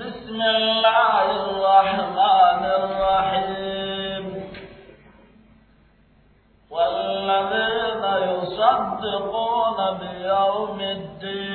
بسم الله الرحمن الرحيم والذين يصدقون بيوم الدين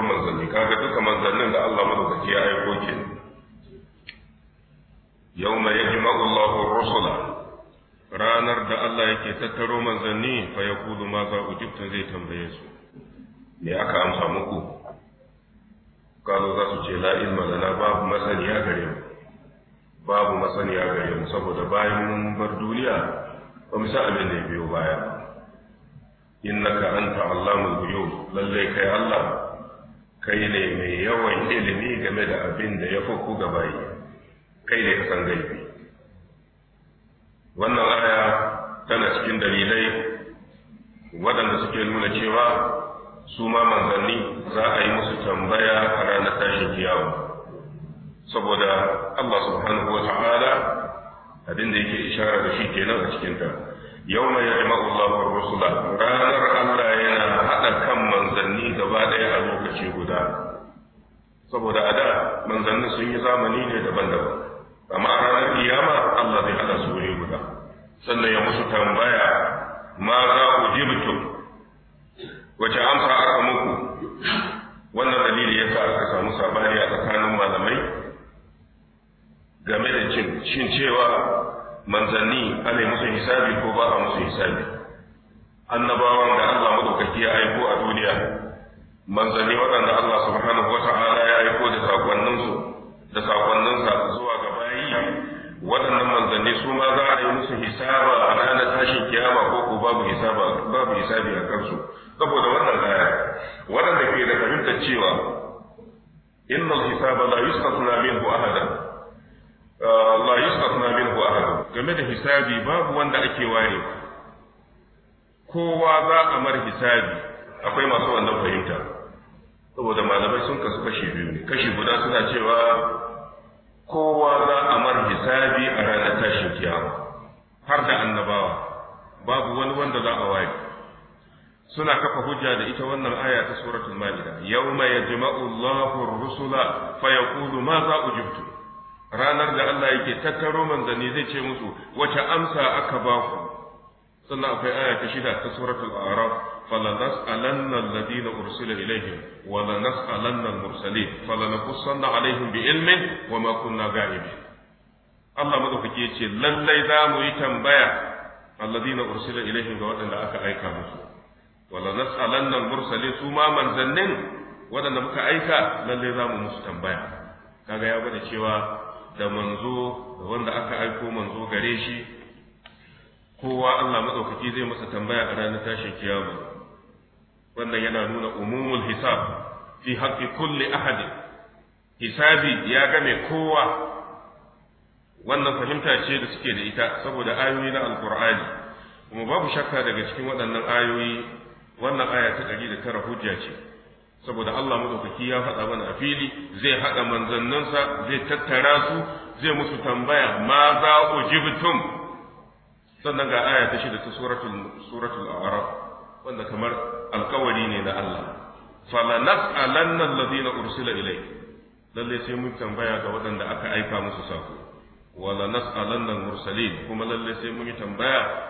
turo manzanni kaga duka manzannin da Allah madaukaki ya aiko ke yawma yajma'u Allahu rusula ranar da Allah yake tattaro manzanni fa yaqulu ma za ujibtu zai tambaye su me aka amsa muku kalo za su ce la ilma lana babu masaniya gare mu babu masaniya gare mu saboda bayan mun bar duniya ba mu san abin da ya biyo baya innaka anta allamul ghuyub lalle kai Allah kai ne mai yawan ilimi game da abin da ya fuku ga bayi kai ne kasan san gaibi wannan aya tana cikin dalilai waɗanda suke nuna cewa su ma manzanni za a yi musu tambaya a ranar tashin kiyawa saboda Allah subhanahu wa ta'ala abin da yake ishara da shi kenan a cikinta. ta yau mai ya jama'u Allah rusula ranar Allah yana haɗa kan manzanni gaba ɗaya a lokaci guda saboda a da manzanni sun yi zamani ne daban-daban amma a ranar kiyama Allah zai haɗa su wuri guda sannan ya musu tambaya ma za ku jibtu wace amsa aka muku wannan dalili ya sa aka samu sabani a tsakanin malamai game da cin cewa manzanni ana musu hisabi ko ba a musu hisabi annabawan da Allah madaukaki ya aiko a duniya manzanni waɗanda Allah subhanahu wata'ala ya aiko da su da sakonninsa zuwa ga bayi waɗannan manzanni su ma za a yi musu hisaba a ranar tashin kiyama ko ko babu hisaba babu hisabi a kansu saboda wannan aya waɗanda ke da fahimtar cewa inna hisaba la yustasna minhu ahadan la yustasna minhu ahad game da hisabi babu wanda ake waye kowa za a mar hisabi akwai masu wannan fahimta saboda malamai sun kasu kashi biyu ne kashi guda suna cewa kowa za a mar hisabi a ranar tashin kiyama har da annabawa babu wani wanda za a waye. suna kafa hujja da ita wannan aya ta suratul maida yawma yajma'u Allahu ar-rusula fa yaqulu ma za ujibtu ranar da Allah yake tattaro manzanni zai ce musu wace amsa aka ba ku sannan akwai aya ta shida ta suratul araf falanas'alanna alladhina ursila ilayhim wa lanas'alanna al-mursalin falanaqussanna alaihim bi ilmin wa ma kunna ga'ibin Allah madaukake yace lallai za mu yi tambaya alladhina ursila ilayhim ga waɗanda aka aika musu wa lanas'alanna al-mursalin su ma manzannin waɗanda muka aika lallai za mu musu tambaya kaga ya gwada cewa da manzo da wanda aka aiko manzo gare shi kowa Allah madaukaki zai masa tambaya a ranar tashin kiyama wannan yana nuna umumul hisab fi haqqi kulli ahadin hisabi ya game kowa wannan fahimta ce da suke da ita saboda ayoyi na alkur'ani kuma babu shakka daga cikin waɗannan ayoyi wannan aya ta ɗari da tara hujja ce saboda Allah madaukaki ya faɗa mana a fili zai haɗa manzannansa zai tattara su zai musu tambaya ma za ku ujibtum sannan ga aya ta shida ta suratul suratul a'raf wanda kamar alƙawari ne na Allah fala nas'alanna alladhina ursila ilai. lalle sai mun tambaya ga waɗanda aka aika musu sako wala nas'alanna mursalin kuma lalle sai mun yi tambaya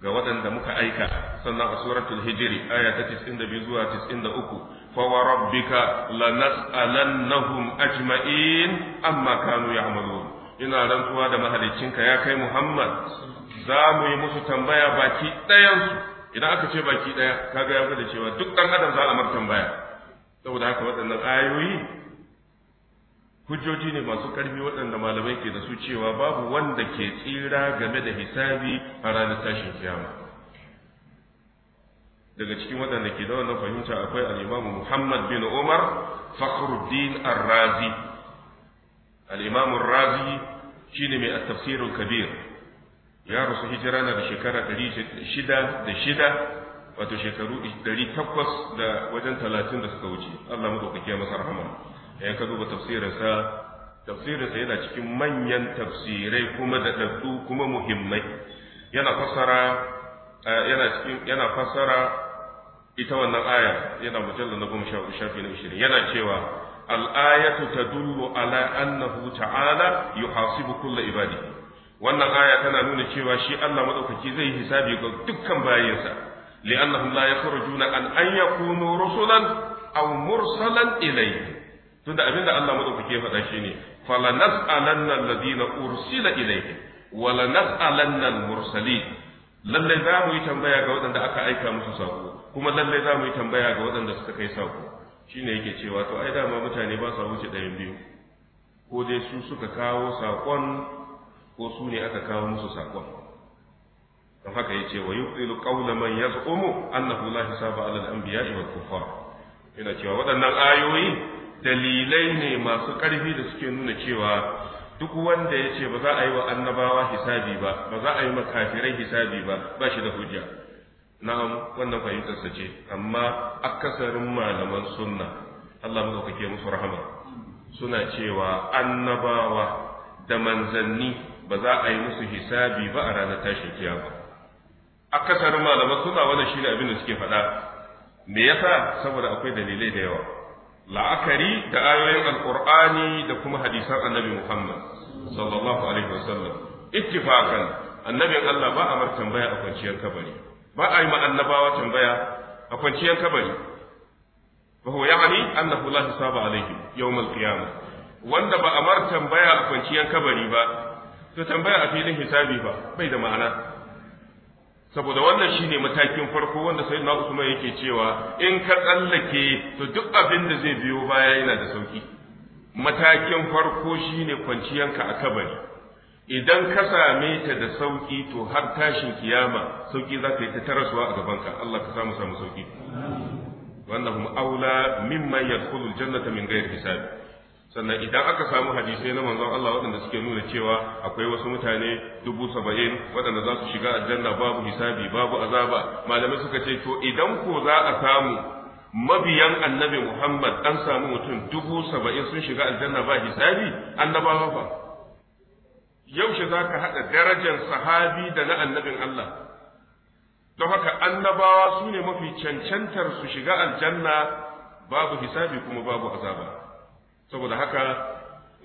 ga waɗanda muka aika sannan a suratul hijiri aya ta 92 zuwa 93 fa wa rabbika lanas'alannahum ajma'in amma kanu ya'malun ina rantsuwa da ka ya kai Muhammad za mu yi musu tambaya baki ɗayansu idan aka ce baki ɗaya kaga ya da cewa duk ɗan adam za a mar tambaya saboda haka waɗannan ayoyi hujjoji ne masu ƙarfi waɗanda malamai ke da su cewa babu wanda ke tsira game da hisabi a ranar tashin kiyama daga cikin waɗanda ke da wannan fahimta akwai al'imamu muhammad bin umar fakhruddin ar-razi al'imamu razi shine mai tafsirin kabir ya rasu hijira na da shekara shida da shida wato shekaru ɗari takwas da wajen talatin da suka wuce allah maɗaukaki ya masa rahama ya ka duba tafsirinsa tafsirinsa yana cikin manyan tafsirai kuma da daddu kuma muhimmai yana fassara eh, yana cikin yana fassara ita wannan aya yana mujallar na goma shafi na ishirin yana cewa al'ayatu tadullu ala annahu ta'ala yuhasibu kulla ibadi wannan aya tana nuna cewa shi Allah madaukaki zai hisabi ga dukkan bayinsa li'annahum la yakhrujuna an an yakunu rusulan aw mursalan ilayhi tunda abinda Allah madaukake ya faɗa shine falanas'alanna alladhina ursila ilayhi wa nas'alanna al lalle lallai za mu yi tambaya ga waɗanda aka aika musu sako kuma lallai za mu yi tambaya ga waɗanda suka kai sako shine yake cewa to ai dama mutane ba su wuce ɗayan biyu ko dai su suka kawo saƙon ko su ne aka kawo musu saƙon don haka ya ce wa yuqilu qawla man yaz'umu annahu la hisaba 'ala al-anbiya'i wal kuffar Ina cewa waɗannan ayoyi dalilai ne masu ƙarfi da suke nuna cewa duk wanda ya ce ba za a yi wa annabawa hisabi ba ba za a yi makafirai hisabi ba ba shi da hujja na'am wannan fahimtar ce amma akasarin malaman sunna Allah muka kake musu rahama suna cewa annabawa da manzanni ba za a yi musu hisabi ba a ranar tashin kiyama akasarin malaman sunna wannan shine abin da suke faɗa me yasa saboda akwai dalilai da yawa la'akari da ayoyin alqur'ani da kuma hadisan annabi Muhammad sallallahu alaihi wasallam ittifaqan annabin Allah ba a mar tambaya a kwanciyar kabari ba a yi ma annabawa tambaya a kwanciyar kabari fa huwa ya'ni annahu la hisaba alaihi yawm al-qiyamah wanda ba a mar tambaya a kwanciyar kabari ba to tambaya a filin hisabi ba bai da ma'ana saboda wannan shine matakin farko wanda sai na Usman yake cewa in ka tsallake to duk abin da zai biyo baya yana da sauki matakin farko shine kwanciyanka a kabari idan ka same ta da sauki to har tashin kiyama sauki za ka yi ta tarasuwa a gaban ka, Allah ka samu samu sauki wannan hum aula mimman yadkhulul jannata min ghairi hisab sannan idan aka samu hadisai na manzon Allah waɗanda suke nuna cewa akwai wasu mutane dubu saba'in waɗanda za su shiga aljanna babu hisabi babu azaba malamai suka ce to idan ko za a samu mabiyan annabi Muhammad an samu mutum dubu saba'in sun shiga aljanna ba hisabi annabawa ba yaushe za ka haɗa darajar sahabi da na annabin Allah don haka annabawa su ne mafi cancantar su shiga aljanna babu hisabi kuma babu azaba saboda haka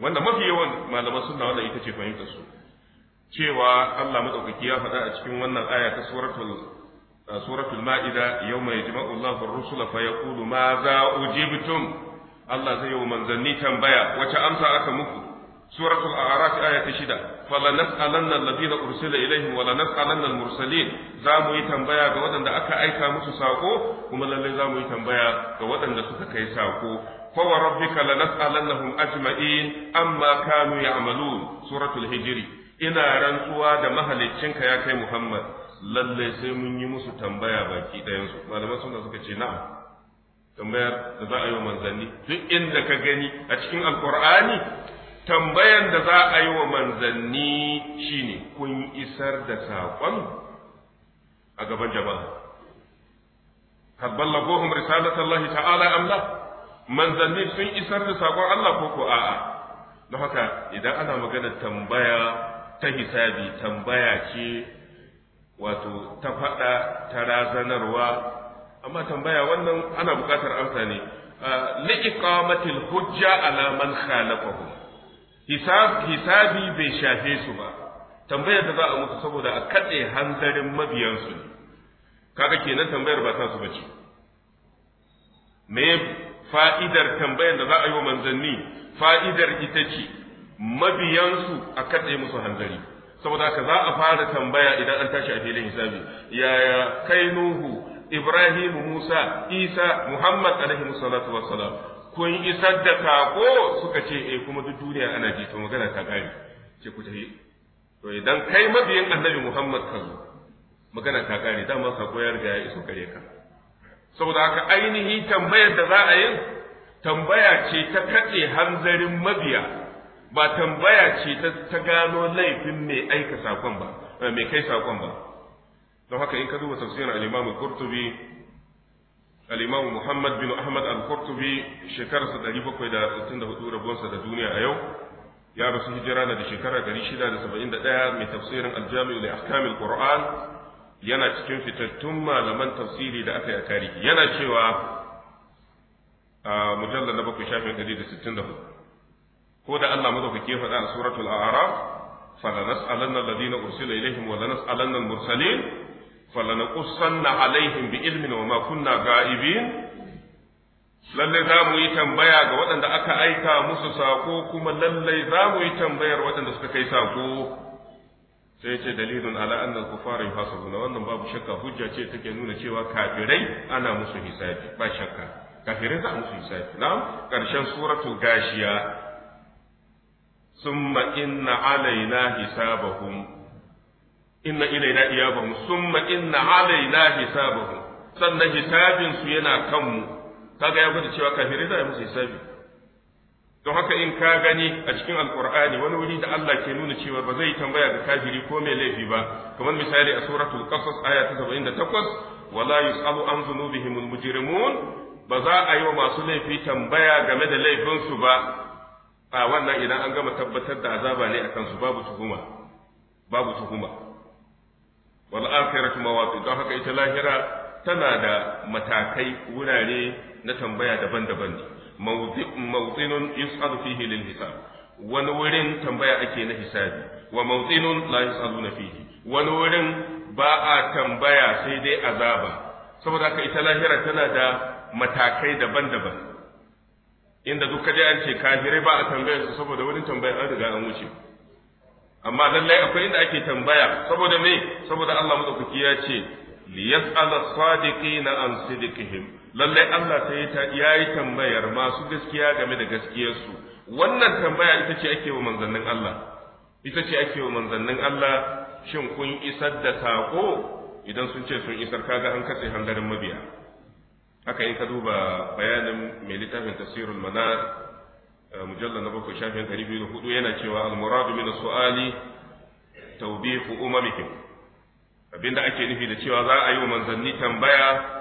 wanda mafi yawan malaman sunna wannan ita ce fahimtar su cewa Allah madaukaki ya faɗa a cikin wannan aya ta suratul suratul ma'ida yawma yajma'u Allahu ar-rusula fa yaqulu ma za ujibtum Allah zai yi manzanni tambaya wace amsa aka muku suratul a'raf aya ta shida fala nas'alanna alladhina ursila ilaihim wa nas'alanna al-mursalin za mu yi tambaya ga waɗanda aka aika musu sako kuma lalle za mu yi tambaya ga waɗanda suka kai sako fa wa rabbika lanas'alannahum ajma'in amma kanu ya'malun suratul hijri ina rantsuwa da mahaliccinka ya kai muhammad lalle sai mun yi musu tambaya baki ɗayan su malaman suna suka ce na'am tambayar da za a yi wa manzanni duk inda ka gani a cikin alqur'ani tambayan da za a yi wa manzanni shine kun isar da saƙon a gaban jama'a kad ballaghum risalatallahi ta'ala am manzanni sun isar da sakon Allah ko ko a'a don haka idan ana magana tambaya ta hisabi tambaya ce wato ta faɗa ta razanarwa amma tambaya wannan ana buƙatar amsa ne li'iqamatil hujja ala man khalafahum hisab hisabi bai shafe su ba tambayar da za a mutu saboda a kaɗe hanzarin mabiyansu kaga kenan tambayar ba ta su bace me fa'idar tambayar da za a yi wa manzanni fa'idar ita ce mabiyansu a katse musu hanzari saboda ka za a fara tambaya idan an tashi a filin hisabi yaya kai nuhu ibrahim musa isa muhammad alaihi wa wassalam kun isar da kako suka ce eh kuma duk duniya ana ji to magana ta gari ce ku tafi to idan kai mabiyin annabi muhammad ka magana ta gari dama sako ya riga ya iso gare ka saboda haka ainihi tambayar da za a yi tambaya ce ta katse hanzarin mabiya ba tambaya ce ta gano laifin mai aika saƙon ba eh, mai kai saƙon ba don haka in ka duba tafsirin al-Imam al al-Imam Muhammad bin Ahmad al-Qurtubi shekararsa 764 rabuwansa da duniya a yau ya rasu hijira da shekara 671 mai tafsirin al-Jami' li ahkam quran yana cikin fitattun malaman tafsiri da aka yi a tarihi yana cewa a mujallar na bakwai shafin ɗari da sittin da hudu ko da Allah ke faɗa a suratul a'raf falanas'alanna alladhina ursila ilaihim wa lanas'alanna al-mursalin falanaqussanna alaihim bi ilmin wa ma kunna ga'ibin lalle za mu yi tambaya ga waɗanda aka aika musu sako kuma lalle za mu yi tambayar waɗanda suka kai sako sai ce dalilun ala annal kufara yuhasabuna wannan babu shakka hujja ce take nuna cewa kafirai ana musu hisabi ba shakka kafirai za a musu hisabi na'am karshen suratu gashiya summa inna alaina hisabahum inna ilaina iyabahum summa inna alaina hisabahum sannan hisabin su yana kanmu kaga ya gudu cewa kafirai za a musu hisabi don haka in ka gani a cikin alkur'ani wani wuri da Allah ke nuna cewa ba zai tambaya ga kafiri ko mai laifi ba kamar misali a suratul qasas aya ta 78 wala yusalu an dhunubihim almujrimun ba za a yi wa masu laifi tambaya game da laifinsu ba a wannan idan an gama tabbatar da azaba ne akan su babu tuhuma babu tuhuma wal akhiratu mawaqi don haka ita lahira tana da matakai wurare na tambaya daban-daban mawdinun yus'alu fihi lil hisab wani wurin tambaya ake na hisabi wa mawdinun la yus'aluna fihi wani wurin ba tambaya sai dai azaba saboda haka ita lahira tana da matakai daban-daban inda duk kaje an ce kafirai ba a tambayar su saboda wurin tambaya an riga an wuce amma lallai akwai inda ake tambaya saboda me saboda Allah madaukaki ya ce liyas'ala sadiqina an sidqihim lallai Allah sai ya yi tambayar masu gaskiya game da gaskiyarsu wannan tambaya ita ce ake wa manzannin Allah ita ce ake wa manzannin Allah shin kun isar da sako idan sun ce sun isar kaga an katse hangarin mabiya haka in ka duba bayanin mai littafin tafsirul manar eh, mujalla na bakwai shafin ɗari biyu da hudu yana cewa al-muradu min su'ali tawbihu umamikum abinda ake nufi da cewa za a yi wa manzanni tambaya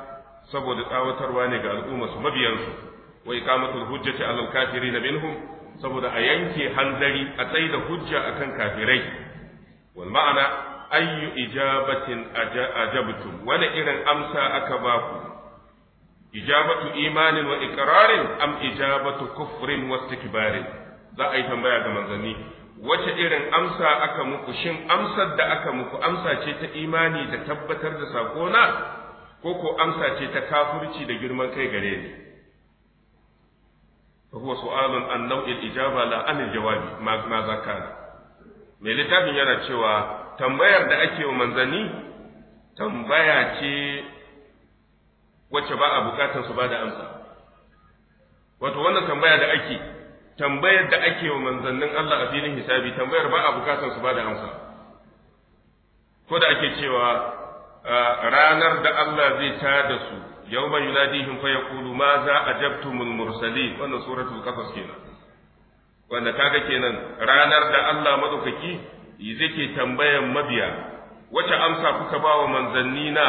saboda tsawatarwa ne ga al'umma su mabiyansu wa iqamatul hujjati alal kafirin minhum saboda a yanke hanzari a tsaye da hujja akan kafirai wal ma'ana ayyu ijabatin ajabtum wani irin amsa aka ba ku ijabatu imanin wa iqrarin am ijabatu kufrin wa istikbarin za a yi tambaya ga manzanni wace irin amsa aka muku shin amsar da aka muku amsa ce ta imani da tabbatar da sakona ko ko amsa ce ta kafirci da girman kai gare ni huwa su'alun an nau'il ijaba la an jawabi ma ma zakana mai littafin yana cewa tambayar da ake wa manzanni tambaya ce wacce ba a bukatar su ba da amsa wato wannan tambaya da ake tambayar da ake wa manzannin Allah a filin hisabi tambayar ba a bukatar su ba da amsa ko da ake cewa ranar da Allah zai ta da su yawma yunadihim fa yaqulu ma za ajabtumul mursali wannan suratul qasas kenan wanda kaga kenan ranar da Allah madaukaki ke tambayan mabiya wace amsa kuka ba wa manzanni na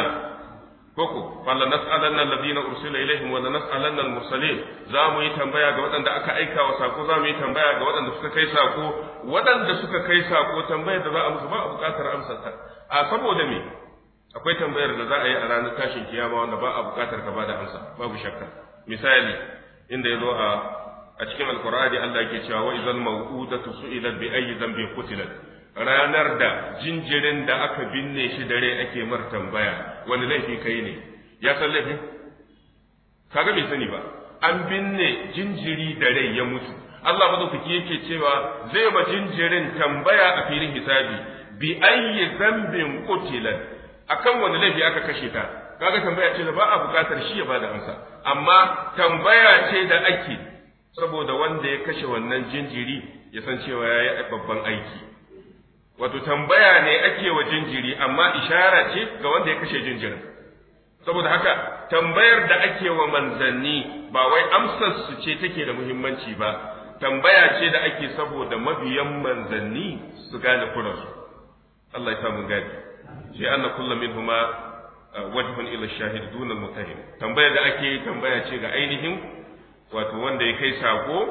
koko falla nas'alanna alladhina ursila ilaihim wa nas'alanna al-mursalin za mu yi tambaya ga waɗanda aka aika wa sako za mu yi tambaya ga waɗanda suka kai sako waɗanda suka kai sako tambayar da za a musu ba a buƙatar amsar ta a saboda me akwai tambayar da za a yi a ranar tashin kiyama wanda ba a bukatar ka ba da amsa babu shakka misali inda ya zo a a cikin alkur'ani Allah yake cewa wa idzal maw'udatu su'ilat bi ayyi dhanbin qutilat ranar da jinjirin da aka binne shi dare ake mar tambaya wani laifi kai ne ya san laifin kaga bai sani ba an binne jinjiri da rai ya mutu Allah madaukaki yake cewa zai ba jinjirin tambaya a filin hisabi bi ayyi dhanbin qutilat akan wani laifi aka kashe ta kaga tambaya ce da ba a bukatar shi ya bada amsa amma tambaya ce da ake saboda wanda ya kashe wannan jinjiri ya san cewa ya yi babban aiki wato tambaya ne ake wa jinjiri amma ishara ce ga wanda ya kashe jinjirin saboda haka tambayar da ake wa manzanni ba wai amsar su ce take da muhimmanci ba tambaya ce da ake saboda mabiyan manzanni su gane kuransu Allah ya samu gadi لأن كل منهما وجه إلى الشاهد دون المتهم تنبيه دا أكي تنبيه تشيغ أينهم وتوان sako كي ساقو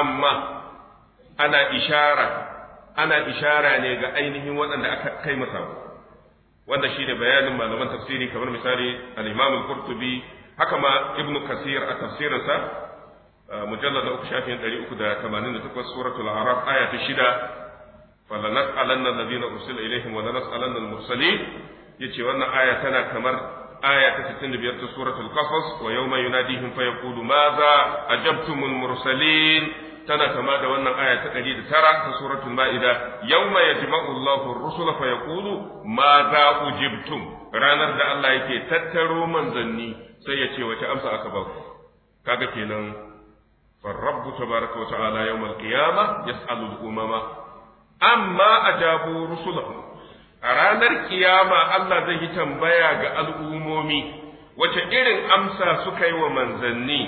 أما أنا إشارة أنا إشارة نيغ أينهم وأن أكا كي مساقو wanda shi ne bayanin malaman tafsiri kamar misali al-Imam al-Qurtubi haka ma Ibnu Kasir a tafsirinsa mujallad na uku shafin 388 suratul Araf aya ta shida falanas'alanna alladhina ursila ilaihim wa lanas'alanna al-mursalin yace wannan aya tana kamar aya ta 65 ta suratul qasas wa yawma yunadihim fa yaqulu madha ajabtumul mursalin tana kama da wannan aya ta 109 ta suratul ma'ida yawma yajma'u Allahu ar-rusula fa yaqulu madha ujibtum ranar da Allah yake tattaro manzanni sai yace ce amsa aka ba ku kaga kenan فالرب تبارك وتعالى يوم القيامة يسأل الأمم amma ajabu rusulahu a ranar kiyama Allah zai yi tambaya ga al'umomi wace irin amsa suka yi wa manzanni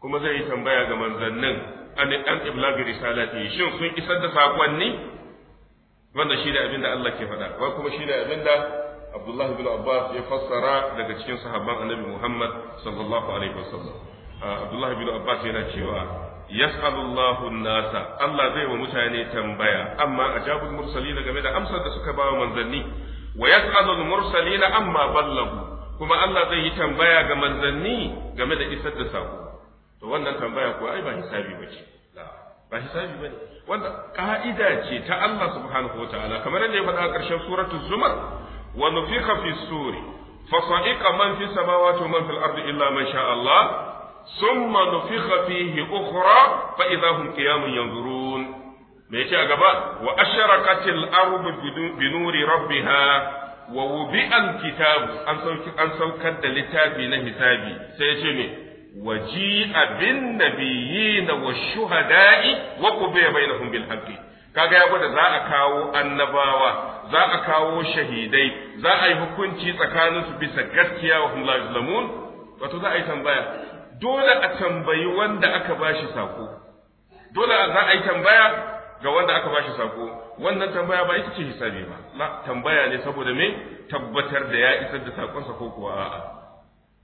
kuma zai yi tambaya ga manzannin an an iblagi risalati shin sun isar da sakonni wanda shi da abin da Allah ke faɗa wa kuma shi da abin da Abdullah bin Abbas ya fassara daga cikin sahabban Annabi Muhammad sallallahu alaihi wasallam Abdullah bin Abbas yana cewa yas'alullahu nasa Allah zai wa mutane tambaya amma ajabul mursalina game da amsar da suka ba wa manzanni wa yas'alul mursalina amma ballagu kuma Allah zai yi tambaya ga manzanni game da isar da sako to wannan tambaya ko ai ba hisabi bace ba hisabi bane wanda ka'ida ce ta Allah subhanahu wataala kamar yadda ya faɗa a ƙarshen suratul zumar wa nufiqa fi suri man fi samawati man fil ardi illa man sha Allah summa nufikha fihi ukhra fa idza hum qiyamun yanzurun me yace a gaba wa asharaqatil ardu bi nuri rabbiha wa wubi'an an sauki an saukar da littafi na hisabi sai ya a me waji'a bin nabiyyin wa shuhada'i wa qubiya bainahum bil haqqi kaga ya gwada za a kawo annabawa za a kawo shahidai za a yi hukunci tsakaninsu bisa gaskiya wa hum la za a yi tambaya dole a tambayi wanda aka bashi sako dole a za a yi tambaya ga wanda aka bashi sako wannan tambaya ba ita ce hisabi ba la tambaya ne saboda me tabbatar da ya isar da sakonsa ko kuwa a'a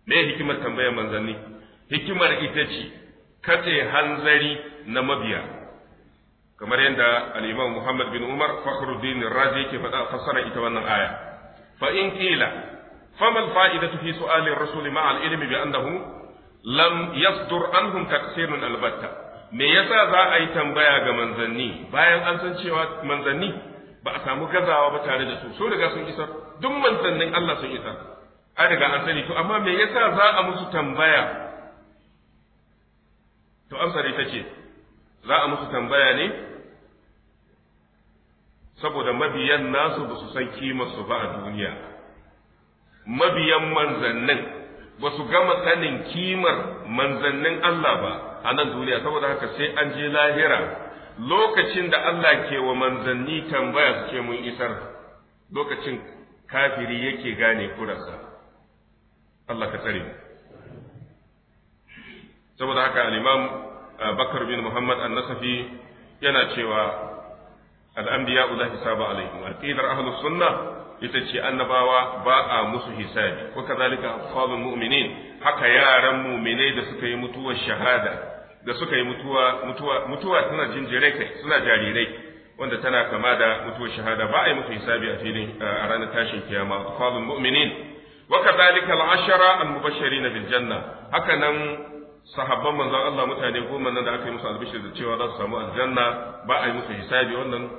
me hikimar tambayar manzanni hikimar ita ce kace hanzari na mabiya kamar yadda al-Imam Muhammad bin Umar Fakhruddin Razi yake faɗa fassara ita wannan aya fa in qila fa mal faidatu fi su'ali ar-rasul ma'a al-ilmi bi annahu lam yasdur anhum taqsirun albatta me yasa za a yi tambaya ga manzanni bayan an san cewa manzanni ba a samu gazawa ba tare da su so daga sun isa duk manzannin Allah sun isa a daga an sani to amma me yasa za a musu tambaya to amsar ita ce za a musu tambaya ne saboda mabiyan nasu ba su san su ba a duniya mabiyan manzannin ba su gama tsanin kimar manzannin Allah ba a nan duniya saboda haka sai an je lahira lokacin da Allah ke wa manzanni tambaya su ce mun isar lokacin kafiri yake gane kurarsa Allah ka tsare saboda haka al-Imam uh, Bakar bin Muhammad An-Nasafi yana cewa al-anbiya'u la hisaba alaihim aqidar ahlus sunnah ita ce annabawa ba a musu hisabi wa kazalika afalul mu'minin haka yaran mu'minai da suka yi mutuwar shahada da suka yi mutuwa mutuwa mutuwa jinjire kai suna jarirai wanda tana kama da mutuwar shahada ba a yi musu hisabi a filin a ranar tashin kiyama afalul mu'minin wa janna haka nan sahabban manzon Allah mutane goma nan da aka yi musu albishir da cewa za su samu aljanna ba a yi musu hisabi wannan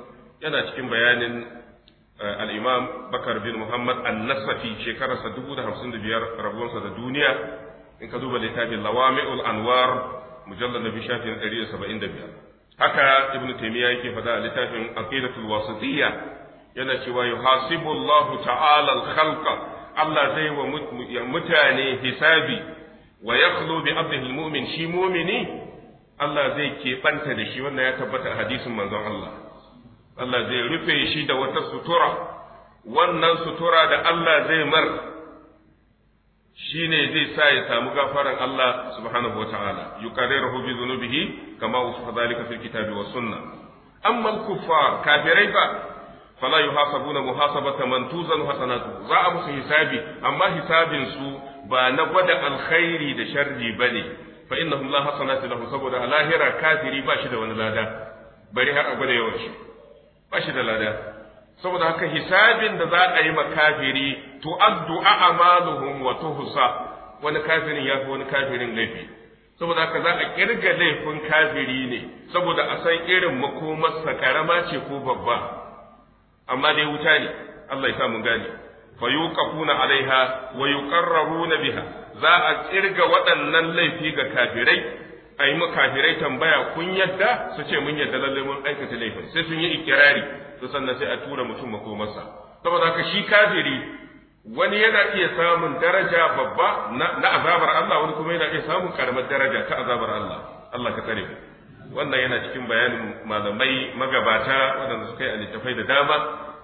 yana cikin bayanin Eh, al-imam bakar bin muhammad an-nasafi shekararsa 1055 rabuwarsa da duniya in ka duba littafin lawami'ul anwar mujallad nabi shafin 175 haka ibnu taymiya yake faɗa a littafin aqidatul wasatiyya yana cewa yuhasibu hasibullahu ta'ala al-khalqa Allah zai wa mutane hisabi wa yakhlu bi abdihi al shi mu'mini Allah zai keɓanta da shi wannan ya tabbata a hadisin manzon Allah Allah zai rufe shi da wata sutura wannan sutura da Allah zai mar ne zai sa ya samu gafaran Allah subhanahu wa ta'ala yuqarriruhu bi dhunubihi kama wasu dhalika fil kitabi was sunnah amma al kuffar kafirai ba fala yuhasabuna muhasabata man tuzanu hasanatu za a musu hisabi amma hisabin su ba na gwada alkhairi da sharri ne. fa innahum la hasanatu lahu saboda lahira kafiri ba shi da wani lada bari har a gwada yawan shi ba shi da lada saboda haka hisabin da za a yi ma kafiri makafiri tu'addu a'maluhum wa tuhsa wani kafirin ya fi wani kafirin laifi saboda haka za a kirga laifin kafiri ne saboda a san irin makomarsa karama ce ko babba amma dai wuta ne Allah ya sa mun gane fa yuqafuna alaiha wa yuqarrabuna biha za a kirga waɗannan laifi ga kafirai a yi makafirai tambaya kun yadda su ce mun yadda lallai mun aikata laifin sai sun yi ikirari to sannan sai a tura mutum makomarsa saboda haka shi kafiri wani yana iya samun daraja babba na azabar Allah wani kuma yana iya samun karamar daraja ta azabar Allah Allah ka tsare wannan yana cikin bayanin malamai magabata wadanda suka yi a littafai da dama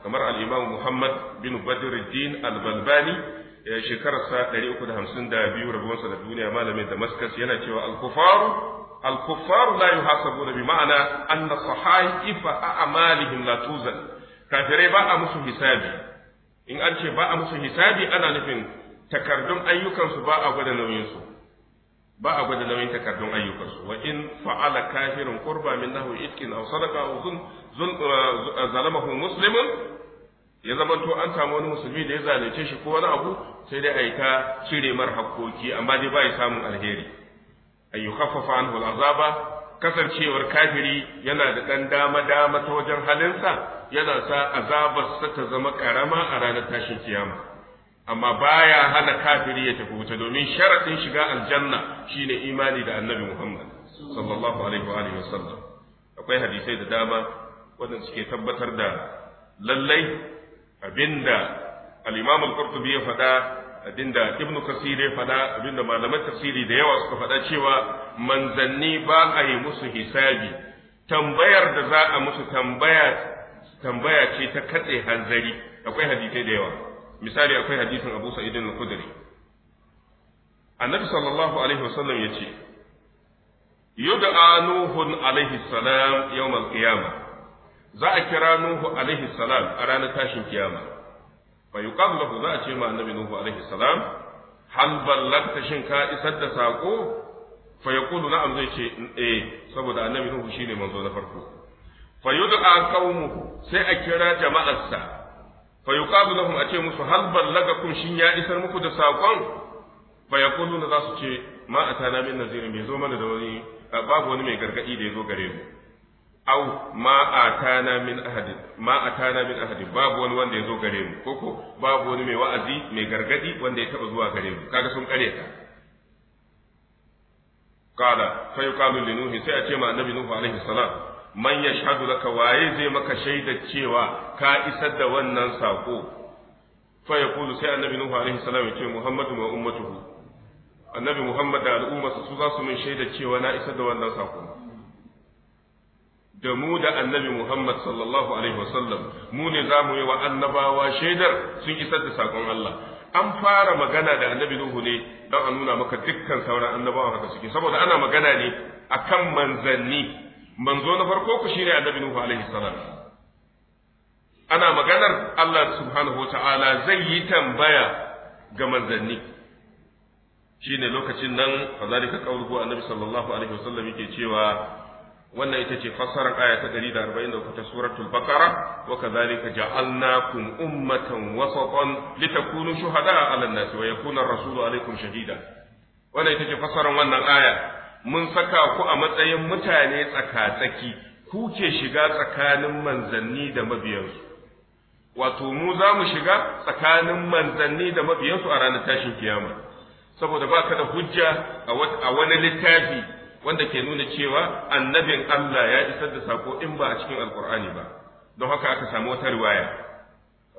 kamar al-Imam Muhammad bin Badruddin al-Balbani shekararsa 352 rabuwarsa da duniya malamin Damascus yana cewa al-kufaru al-kuffaru la yuhasabuna bi ma'ana anna a a'malihim la tuzan kafirai ba a musu hisabi in an ce ba a musu hisabi ana nufin takardun ayyukansu ba a gwada nauyinsu ba a gwada nauyin takardun ayyukansu wa in fa'ala kafirun qurba min nahwi itkin aw sadaqa aw zun zalamahu muslimun ya zamanto an samu wani musulmi da ya zalunce shi ko wani abu sai dai ai ta cire mar hakkoki amma dai bai samun alheri ay yukhaffafa anhu al'azaba kasancewar kafiri yana da dan dama dama ta wajen halinsa yana sa azabar sa ta zama karama a ranar tashin kiyama amma baya hana kafiri ya tafi wuta domin sharadin shiga aljanna shine imani da annabi Muhammad sallallahu alaihi wa alihi wasallam akwai hadisai da dama wadanda suke tabbatar da lallai abinda al-imam al-qurtubi ya faɗa abinda ibn kasir ya faɗa abinda malaman tafsiri da yawa suka faɗa cewa manzanni ba a yi musu hisabi tambayar da za a musu tambaya tambaya ce ta katse hanzari akwai hadisai da yawa misali akwai hadisin abu sa'id al-khudri annabi sallallahu alaihi wasallam yace yud'a alaihi salam yawm al-qiyamah za a kira Nuhu alaihi salam a ranar tashin kiyama fa yuqallahu za a ce ma annabi Nuhu alaihi salam hal ballagta shin ka isar da sako fa yaqulu na'am zai ce eh saboda annabi Nuhu shine manzo na farko fa yud'a qaumuhu sai a kira jama'arsa fa yuqalu a ce musu hal ballagakum shin ya isar muku da sakon fa na za su ce ma atana min nazirin bai zo mana da wani babu wani mai gargadi da ya zo gare mu au ma atana min ahadin ma atana min ahadin babu wani wanda ya zo gare mu koko babu wani mai wa'azi mai gargadi wanda ya taba zuwa gare mu kaga sun kare ka qala fa yuqalu li nuhi sai a ce ma annabi nuhu alaihi salam man yashhadu laka waye zai maka shaida cewa ka isar da wannan sako fa yaqulu sai annabi nuhu alaihi salam ya ce muhammadu wa ummatuhu annabi muhammad da al'ummarsa su za su min shaida cewa na isar da wannan sako da mu da annabi Muhammad sallallahu alaihi wasallam mu ne za mu yi wa annabawa shaidar sun isar da sakon Allah an fara magana da annabi Nuhu ne don a nuna maka dukkan sauran annabawa haka suke saboda ana magana ne akan manzanni manzo na farko ku shine annabi Nuhu alaihi salam ana maganar Allah subhanahu wataala zai yi tambaya ga manzanni shine lokacin nan fa zalika qawluhu annabi sallallahu alaihi wasallam yake cewa wannan ita ce fassarar aya ta 143 ta suratul baqara wa kadhalika ja'alnakum ummatan wasatan litakunu shuhada'a 'alan nas wa yakuna ar-rasulu 'alaykum shahida wannan ita ce fassarar wannan aya mun saka ku a matsayin mutane tsakatsaki ku ke shiga tsakanin manzanni da mabiyansu wato mu za mu shiga tsakanin manzanni da mabiyansu a ranar tashin kiyama saboda baka da hujja a wani littafi wanda ke nuna cewa annabin Allah ya isar da sako in ba a cikin alkur'ani ba don haka aka samu wata riwaya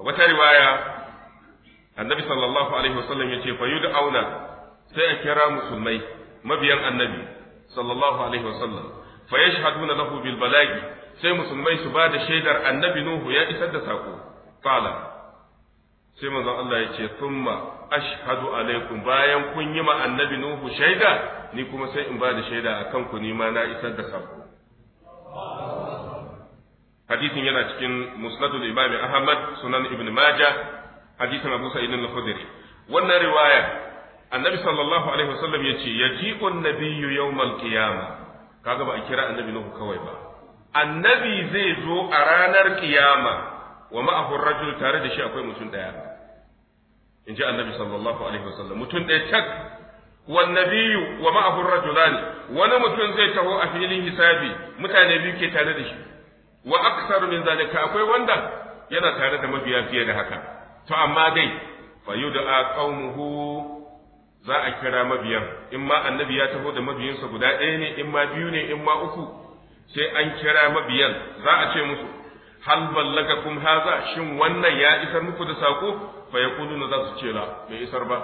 wata riwaya annabi sallallahu alaihi wasallam yace fa yud'auna sai a kira musulmai mabiyan annabi sallallahu alaihi wasallam fa yashhaduna lahu bil balagi sai musulmai su ba da shaidar annabi nuhu ya isar da sako fala sai manzon Allah ya ce thumma ashhadu alaikum bayan kun yi ma annabi nuhu shaida ni kuma sai in ba da shaida a ku ni ma na isar da sako hadisin yana cikin musnadul imami ahmad sunan ibn majah hadisin abu sa'id al-khudri wannan riwaya annabi sallallahu alaihi wasallam yace yaji'u an-nabiyyu yawmal qiyamah kaga ba a kira annabi nuhu kawai ba annabi zai zo a ranar kiyama wa ma'ahu rajul tare da shi akwai mutum daya in ji annabi sallallahu alaihi wasallam mutum ɗaya tak wan nabiyyu wa ma'ahu rajulani wani mutum zai taho a filin hisabi mutane biyu ke tare da shi wa aksaru min zalika akwai wanda yana tare da mabiya fiye da haka to amma dai fa yud'a qaumuhu za a kira mabiyan in ma annabi ya taho da mabiyinsa guda ɗaya ne in ma biyu ne in ma uku sai an kira mabiyan za a ce musu hal ballagakum haza shin wannan ya isar muku da sako fa yaquluna za su ce la bai isar ba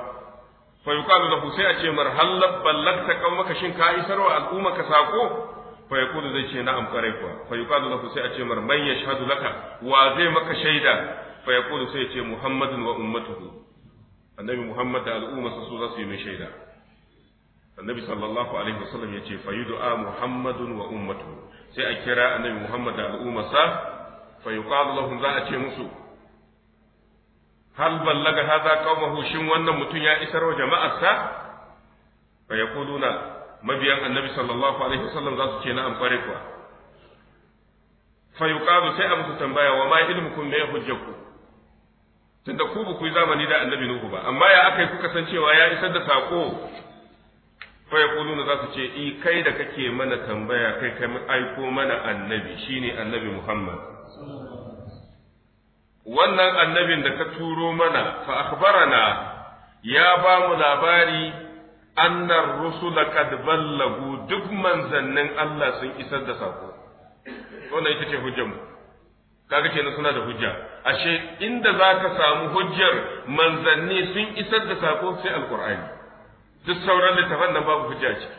fa yuqalu lahu sai a ce mar hal ballagta qaumaka shin ka isar wa al'ummaka sako fa yaqulu zai ce na'am kwarai kuwa fa yuqalu lahu sai a ce mar man yashhadu laka wa zai maka shaida fa yaqulu sai ce muhammadun wa ummatuhu annabi muhammad da al'ummarsa su za su yi mai shaida annabi sallallahu alaihi wasallam ya ce fa yud'a muhammadun wa ummatuhu sai a kira annabi muhammad da al'ummarsa fa yuqalu lahum za a ce musu hal ballaga hadha qaumahu shin wannan mutum ya isar wa jama'arsa fa yaquluna mabiyan annabi sallallahu alaihi wasallam za su ce na'am kware kuwa fa sai abu musu tambaya wa ma ilmukum me hujjaku tunda ku ku yi zamani da annabi nuhu ba amma ya akai kuka san cewa ya isar da sako fa yaquluna za su ce i eh, kai da kake mana tambaya kai kai aiko mana annabi shine annabi muhammad wannan annabin da ka turo mana fa akhbarana ya ba mu labari annar rusula kad ballagu duk manzannin Allah sun isar da sako wannan ita ce hujjar mu kaga kenan suna da hujja ashe inda zaka samu hujjar manzanni sun isar da sako sai alqur'ani duk sauran littafan nan babu hujja ciki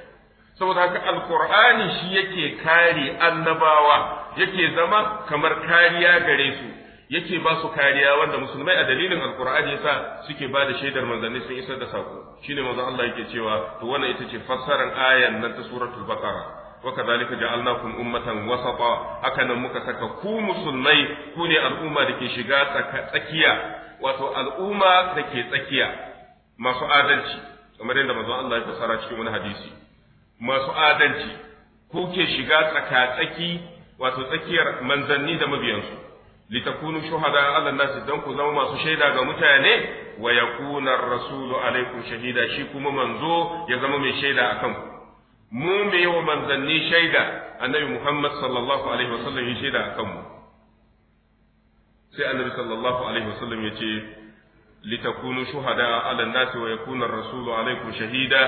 saboda haka alqur'ani shi yake kare annabawa yake zama kamar kariya gare su yake ba su kariya wanda musulmai a dalilin alkur'ani yasa suke ba da shaidar manzanni sun isar da sako shine manzo Allah yake cewa to wannan ita ce fassarar ayan nan ta suratul baqara wa kadhalika ja'alnakum ummatan wasata hakanan muka saka ku musulmai ku ne al'umma da ke shiga tsakiya wato al'umma da ke tsakiya masu adalci kamar yadda manzo Allah ya fassara cikin wani hadisi masu adalci ku ke shiga tsaka tsaki wato tsakiyar manzanni da mabiyansu litakunu shuhada ala nasi dan ku zama masu shaida ga mutane wa yakuna rasulu alaikum shahida shi kuma manzo ya zama mai shaida akan ku mu me yawa manzanni shaida annabi Muhammad sallallahu alaihi wa sallam ya shaida akan mu sai annabi sallallahu alaihi wa sallam ya ce litakunu shuhada ala nasi wa yakuna rasulu alaikum shahida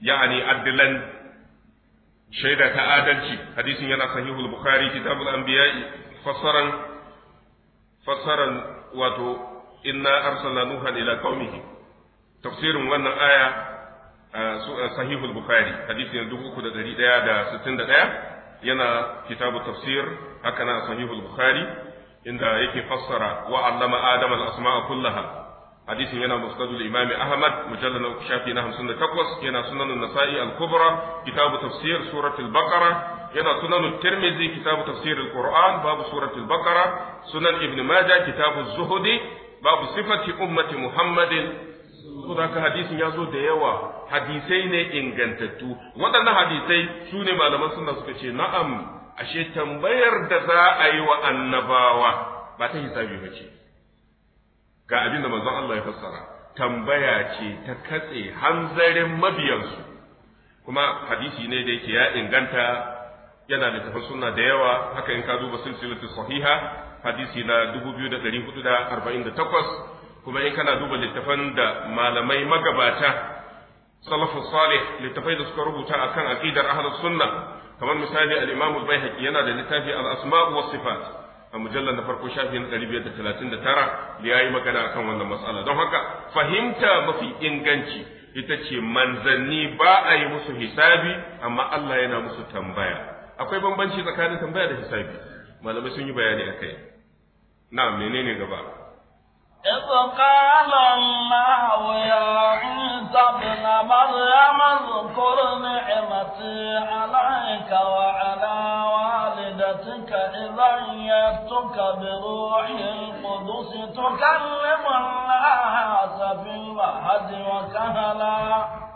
ya'ani adlan shaida ta adalci hadisin yana sahihul bukhari kitabul anbiya'i fassaran fassaran wato inna arsalna nuhan ila qaumihi tafsirin wannan aya sahihul bukhari hadisi na 3161 yana kitabu tafsir haka na sahihul bukhari inda yake fassara wa allama adam al asma'a kullaha hadisin yana musnadul imami ahmad mujallar na shafi na 58 yana sunan nasa'i al kubra kitabu tafsir suratul baqara yana sunan tirmidhi kitabu tafsir alquran babu suratul baqara sunan ibn majah kitabu zuhudi babu sifati ummati muhammadin saboda hadisin ya zo da yawa hadisai ne ingantattu waɗannan hadisai su ne malaman sunna suka ce na'am ashe tambayar da za a yi wa annabawa ba ta hisabi ba ce ga abin da manzon Allah ya fassara tambaya ce ta katse hanzarin mabiyansu kuma hadisi ne da yake ya inganta yana da suna sunna da yawa haka in ka duba silsilatu sahiha hadisi na 2448 kuma in kana duba littafan da malamai magabata salafus salih littafai da suka rubuta akan aqidar ahlus sunna kamar misali al-imam al-baihaqi yana da littafi al-asma' sifat a mujallar na farko shafi na biyar da yi magana akan wannan matsala don haka fahimta mafi inganci ita ce manzanni ba a yi musu hisabi amma Allah yana musu tambaya akwai bambanci tsakanin tambaya da hisabi malamai sun yi bayani akai na menene gaba إذ قال الله يا عيسى ابن مريم اذكر نعمتي عليك وعلى والدتك إذ أيدتك بروح القدس تكلم الناس في المهد وكهلا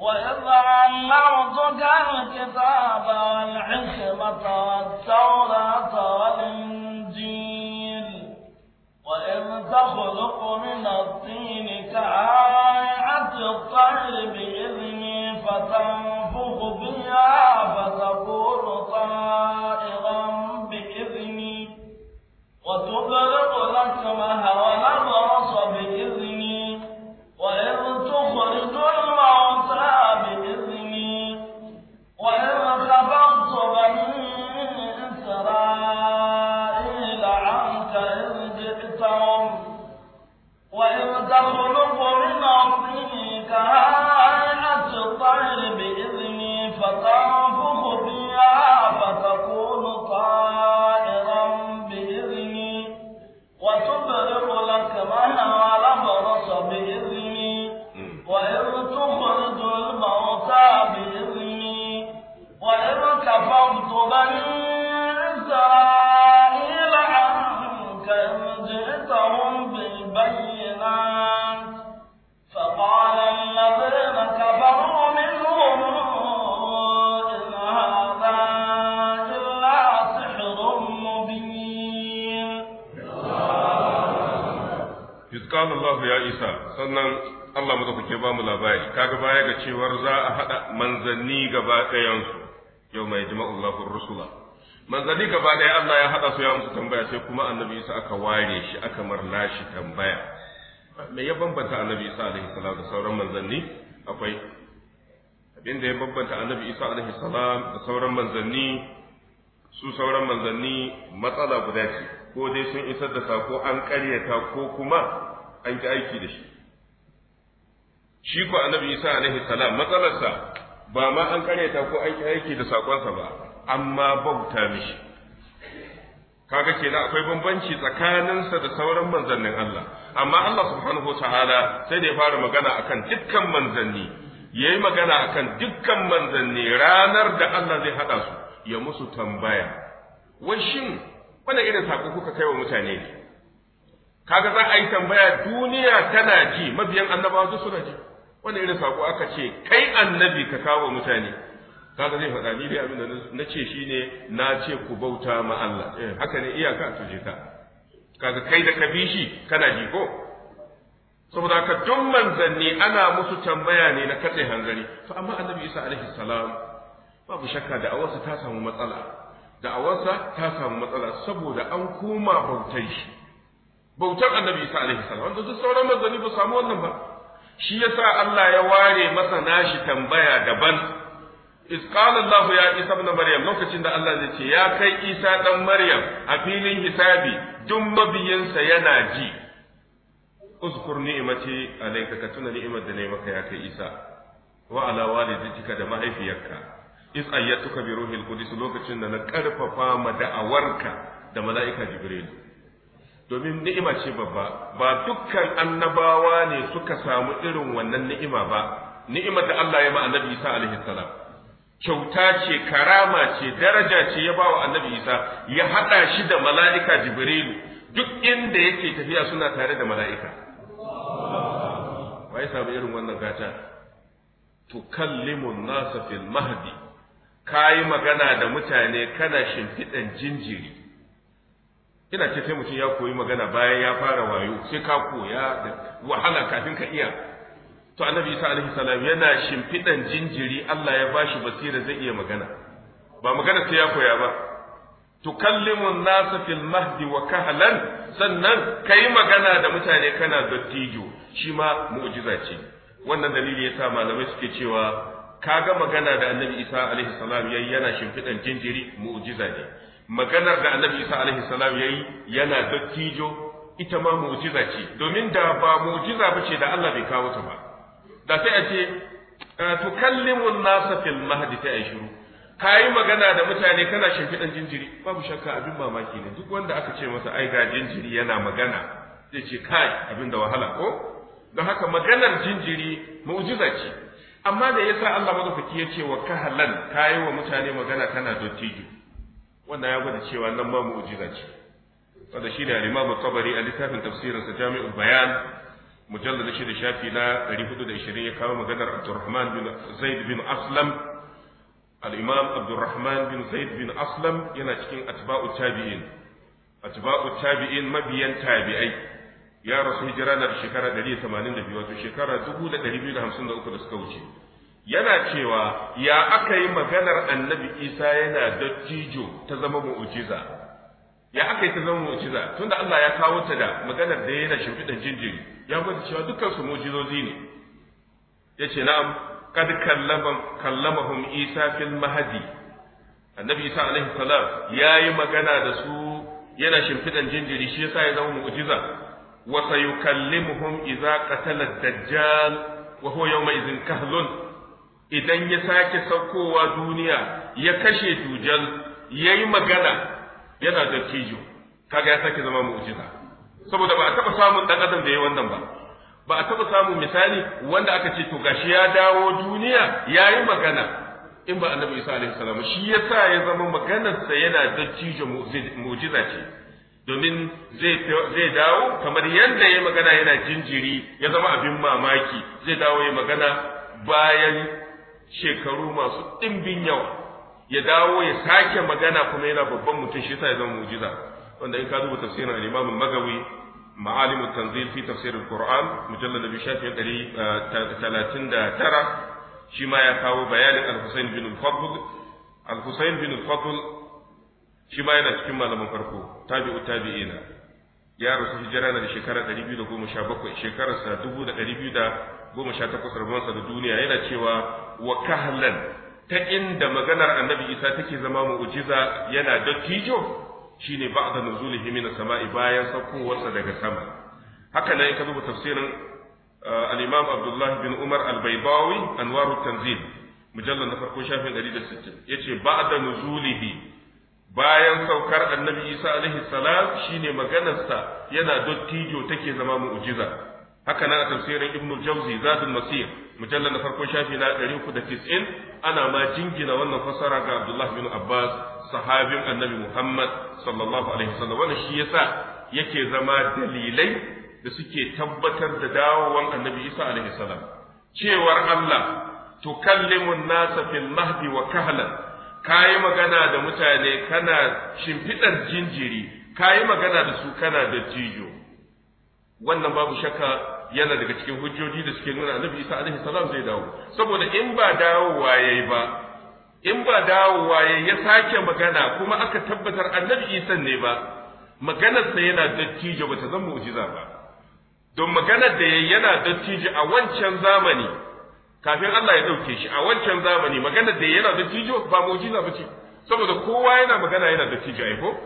وإذا علمتك الكتاب والحكمة والتوراة والإنجيل وإذ تخلق من الطين كهيئة الطير بإذني فتنفخ بها فتكون طائرا بإذني وتبرق لكمها ونبرص بإذني gaba ɗaya Allah ya haɗa su ya musu tambaya sai kuma annabi Isa aka ware shi aka marna shi tambaya me ya bambanta annabi Isa alaihi salam da sauran manzanni akwai abin da ya bambanta annabi Isa alaihi salam da sauran manzanni su sauran manzanni matsala guda ce ko dai sun isar da sako an ƙaryata ko kuma an ki aiki da shi shi ko annabi Isa alaihi salam matsalarsa ba ma an ƙaryata ko an ki aiki da sakonsa ba amma bauta mishi kaga kenan akwai bambanci tsakaninsa da sauran manzannin Allah amma Allah subhanahu wataala sai da ya fara magana akan dukkan manzanni yayi magana akan dukkan manzanni ranar da Allah zai hada su ya musu tambaya wai shin wani irin sako kuka kai wa mutane ne kaga za a yi tambaya duniya tana ji mabiyan annabawa su suna ji wani irin sako aka ce kai annabi ka kawo mutane kaga zai faɗa ni dai abin da na ce shi ne na ce ku bauta ma Allah eh. haka ne iyaka a je ta. kaga kai da ka bi shi kana ji ko saboda ka duk manzanni ana musu tambaya ne na katse hanzari to amma annabi Isa alaihi salam babu shakka da awarsa ta samu matsala da awarsa ta samu matsala saboda an koma bautar shi bautar annabi Isa alaihi salam wanda duk sauran manzanni ba samu wannan ba shi yasa Allah ya ware masa nashi tambaya daban iz qala ya Isa ibn Maryam lokacin da Allah zai ya kai Isa ɗan Maryam a filin hisabi duk mabiyinsa yana ji uzkur ni'mati alayka ka tuna ni'imar da nayi ya kai Isa wa ala walidatika da mahaifiyarka iz ayyatuka bi ruhil lokacin da na karfafa ma da'awarka da mala'ika Jibril domin ni'ima ce babba ba dukkan annabawa ne suka samu irin wannan ni'ima ba ni'imar da Allah ya ma annabi Isa alaihi salam kyauta ce karama ce daraja ce ya ba wa annabi isa ya haɗa shi da mala'ika jibrilu duk inda yake tafiya suna tare da mala'ika wai samu irin wannan gata tukallimun nasa fil mahdi kayi magana da mutane kana shimfiɗan jinjiri ina ce sai mutum ya koyi magana bayan ya fara wayo sai ka koya da wahala kafin ka iya to annabi isa alaihi salam yana shimfidan jinjiri Allah ya bashi basira zai iya magana ba magana sai ya koya ba tukallimu nasa fil mahdi wa kahlan sannan kai magana da mutane kana dattijo shi ma mu'jiza ce wannan dalili yasa malamai suke cewa kaga magana da annabi isa alaihi salam yayi yana shimfidan jinjiri mu'jiza ne maganar da annabi isa alaihi salam yayi yana dattijo ita ma mu'jiza ce domin da ba mu'jiza bace da Allah bai kawo ta ba da sai a ce eh, tukallimun nasa fil mahdi ta ai shiru kayi magana da mutane kana shimfidan jinjiri babu shakka abin mamaki ne duk wanda aka ce masa ai ga jinjiri yana magana zai ce kai abin da wahala ko don haka maganar jinjiri mu'jiza ce amma da yasa Allah madaukaki ya ce wa kahalan kai wa mutane magana kana dottijo wannan ya gwada cewa nan ma mu'jiza ce wanda shi ne al-Imam Tabari a littafin tafsirinsa Jami'ul Bayan mujallar da shida shafi na 420 ya kawo maganar Abdurrahman Zaid bin Aslam al-Imam Zaid bin Aslam yana cikin atba'u tabi'in atba'u tabi'in mabiyan tabi'ai ya rasu hijira na shekara 182 wato shekara 1253 da suka wuce yana cewa ya aka yi maganar annabi Isa yana dattijo ta zama mu'ujiza ya aka yi ta zama mu'ujiza tunda Allah ya kawo ta da maganar da yana shimfiɗan jinjiri ya gwada cewa dukkan su mujizozi ne yace na'am kad kallamahum isa fil mahadi. annabi isa alaihi salam yayi magana da su yana shimfidan jinjiri shi yasa ya zama mu'jiza wa sayukallimuhum idza qatala dajjal wa huwa yawma idhin kahlun idan ya sake saukowa duniya ya kashe dujal yayi magana yana da kijo kaga ya sake zama mu'jiza saboda ba a taɓa samun ɗan adam da ya wannan ba ba a taɓa samun misali wanda aka ce to gashi ya dawo duniya ya yi magana in ba annabi isa alaihi salam shi yasa ya zama sa yana dattijo mu'jiza ce domin zai dawo kamar yadda ya magana yana jinjiri ya zama abin mamaki zai dawo ya magana bayan shekaru masu ɗimbin yawa ya dawo ya sake magana kuma yana babban mutum shi yasa ya zama mu'jiza wanda in ka duba tafsirin al-Imam magawi معالم التنزيل في تفسير القرآن مجلد بشافي قري ثلاثين دا ترى شما يقاو بيان الحسين بن الفضل الحسين بن الفضل شما ينا شما لمن فرقو تابع التابعين يا رسول هجرانا لشكرة قريبي دا قوم شابكو شكرة سادبو دا قريبي دا قوم شاتكو سربانسا دا دنيا ينا شوا وكهلا ta inda maganar annabi isa take zama mu'jiza yana dattijo Shi ne ba'da da min himina samai bayan saukowarsa daga sama haka ne ya duba tafsirin uh, al-Imam Abdullah bin Umar al-Baydawi Anwaru Tanzil Mujallar na farko shafin 160 yace ba'da nuzulihi bayan saukar Annabi Isa alaihi salam shi ne maganarsa yana dottijo take zama mu'jiza haka na tafsirin Ibnu Jawzi Zadun Masir Mujallar na farko shafi na 390 ana ma jingina wannan fasara ga Abdullahi bin Abbas sahabin annabi Muhammad sallallahu alaihi wasallam wannan shi yasa yake zama dalilai da suke tabbatar da dawowan annabi Isa alaihi salam cewar Allah tukallimu nasa fil mahdi wa kahlan kayi magana da mutane kana shimfidar jinjiri kayi magana da su kana da jijo wannan babu shakka yana daga cikin hujjoji da suke nuna annabi Isa alaihi salam zai dawo saboda in ba dawowa yayi ba in ba dawowa ya ya sake magana kuma aka tabbatar annabi isa ne ba maganarsa yana dattijo ba ta zan mu'jiza ba don maganar da yana dattijo a wancan zamani kafin Allah ya ɗauke shi a wancan zamani maganar da yana dattijo ba mu'jiza ba ce saboda kowa yana magana yana dattijo ai ko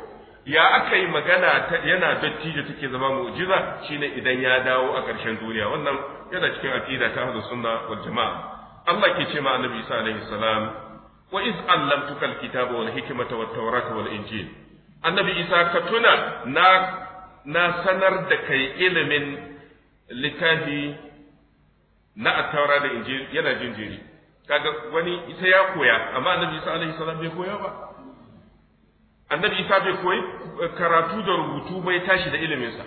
ya aka yi magana yana dattijo take zama mu'jiza shine idan ya dawo a ƙarshen duniya wannan yana cikin aqida ta ahlus sunna wal jamaa Allah ke ce ma annabi isa alaihi salam wa iz allamtuka alkitaba wal hikmata wat tawrata wal injil annabi isa ka tuna na na sanar da kai ilimin littafi na attaura da injil yana jinjiri kaga wani ita ya koya amma annabi isa alaihi salam bai koya ba annabi isa bai koyi eh, karatu da rubutu bai tashi da iliminsa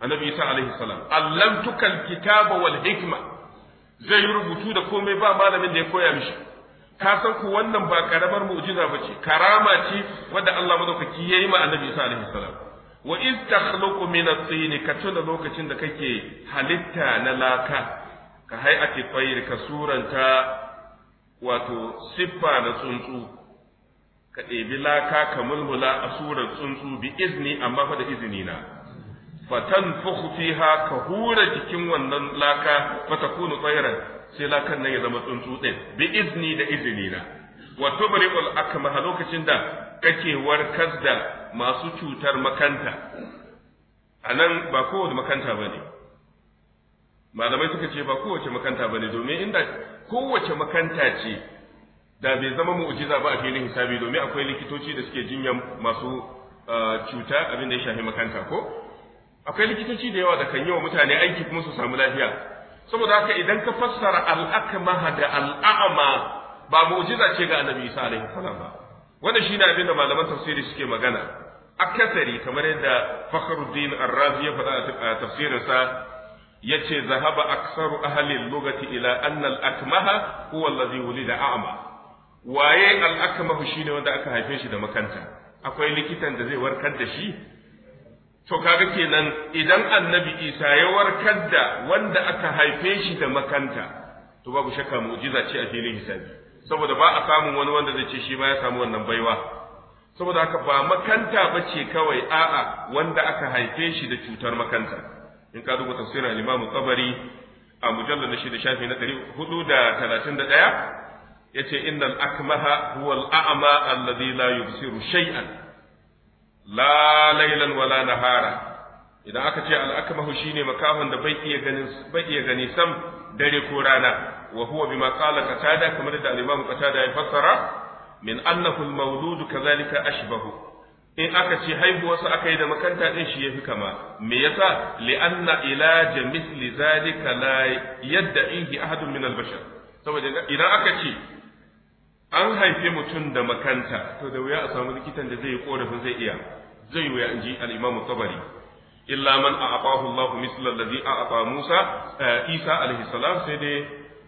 annabi isa alaihi salam allamtuka alkitaba wal hikma zai rubutu da komai ba malamin da ya koya mishi ka san ku wannan ba karamar mu'jiza ba ce karama ce wadda Allah madaukaki yi ma annabi Isa alaihi salam wa iz takhluqu min at-tin ka tuna lokacin da kake halitta na laka ka hay'ati tayr ka suranta wato siffa da tsuntsu ka ɗebi laka ka mulmula a surar tsuntsu bi izni amma fa da izini na fatan fiha ka hura jikin wannan laka fa takunu tsayran sai lakan nan ya zama tsuntsu ɗin bi izni da izini na wa tubri'ul akmaha lokacin da kake warkar da masu cutar makanta anan ba kowace makanta bane malamai suka ce ba kowace makanta bane domin inda kowace makanta ce da bai zama mu'jiza ba a filin hisabi domin akwai likitoci da suke jinyar masu cuta abin da ya shafi makanta ko akwai likitoci da yawa da kan yi wa mutane aiki kuma su samu lafiya saboda haka idan ka fassara al'akmaha da al'ama, ba mu'jiza ce ga annabi Isa alaihi salam ba wannan shine abin da malaman tafsiri suke magana akasari kamar yadda Fakhruddin Ar-Razi ya faɗa a tafsirinsa yace zahaba aksaru ahli al-lughati ila anna al-akmaha huwa allazi wulida a'ma waye al-akmahu shine wanda aka haife shi da makanta akwai likitan da zai warkar da shi to kaga kenan idan annabi isa ya warkar da wanda aka haife shi da makanta to babu shakka mu'jiza ce a filin hisabi saboda ba a samun wani wanda zai ce shi ma ya samu wannan baiwa saboda haka ba makanta ba ce kawai a'a wanda aka haife shi da cutar makanta in ka duba tafsirin al-Imam Tabari a mujallal shi da shafi na ɗaya, yace innal akmaha huwal ama alladhi la yubsiru shay'an la lailan wala nahara idan aka ce al'akmahu shine makahon da bai iya ganin bai iya gani sam dare ko rana wa huwa bima qala qatada kamar da al-imam qatada ya fassara min annahu al-mawlud kadhalika ashbahu in aka ce haihuwarsa aka yi da makanta din shi yafi kama me yasa li'anna ilaja misli zalika la yadda'ihi ahadun min al-bashar saboda idan aka ce an haife mutum da makanta to da wuya a samu likitan da zai yi korafin zai iya zai wuya in ji al-imam tabari illa man a'abahu Allah misla allazi a'aba Musa eh, Isa alaihi salam sai dai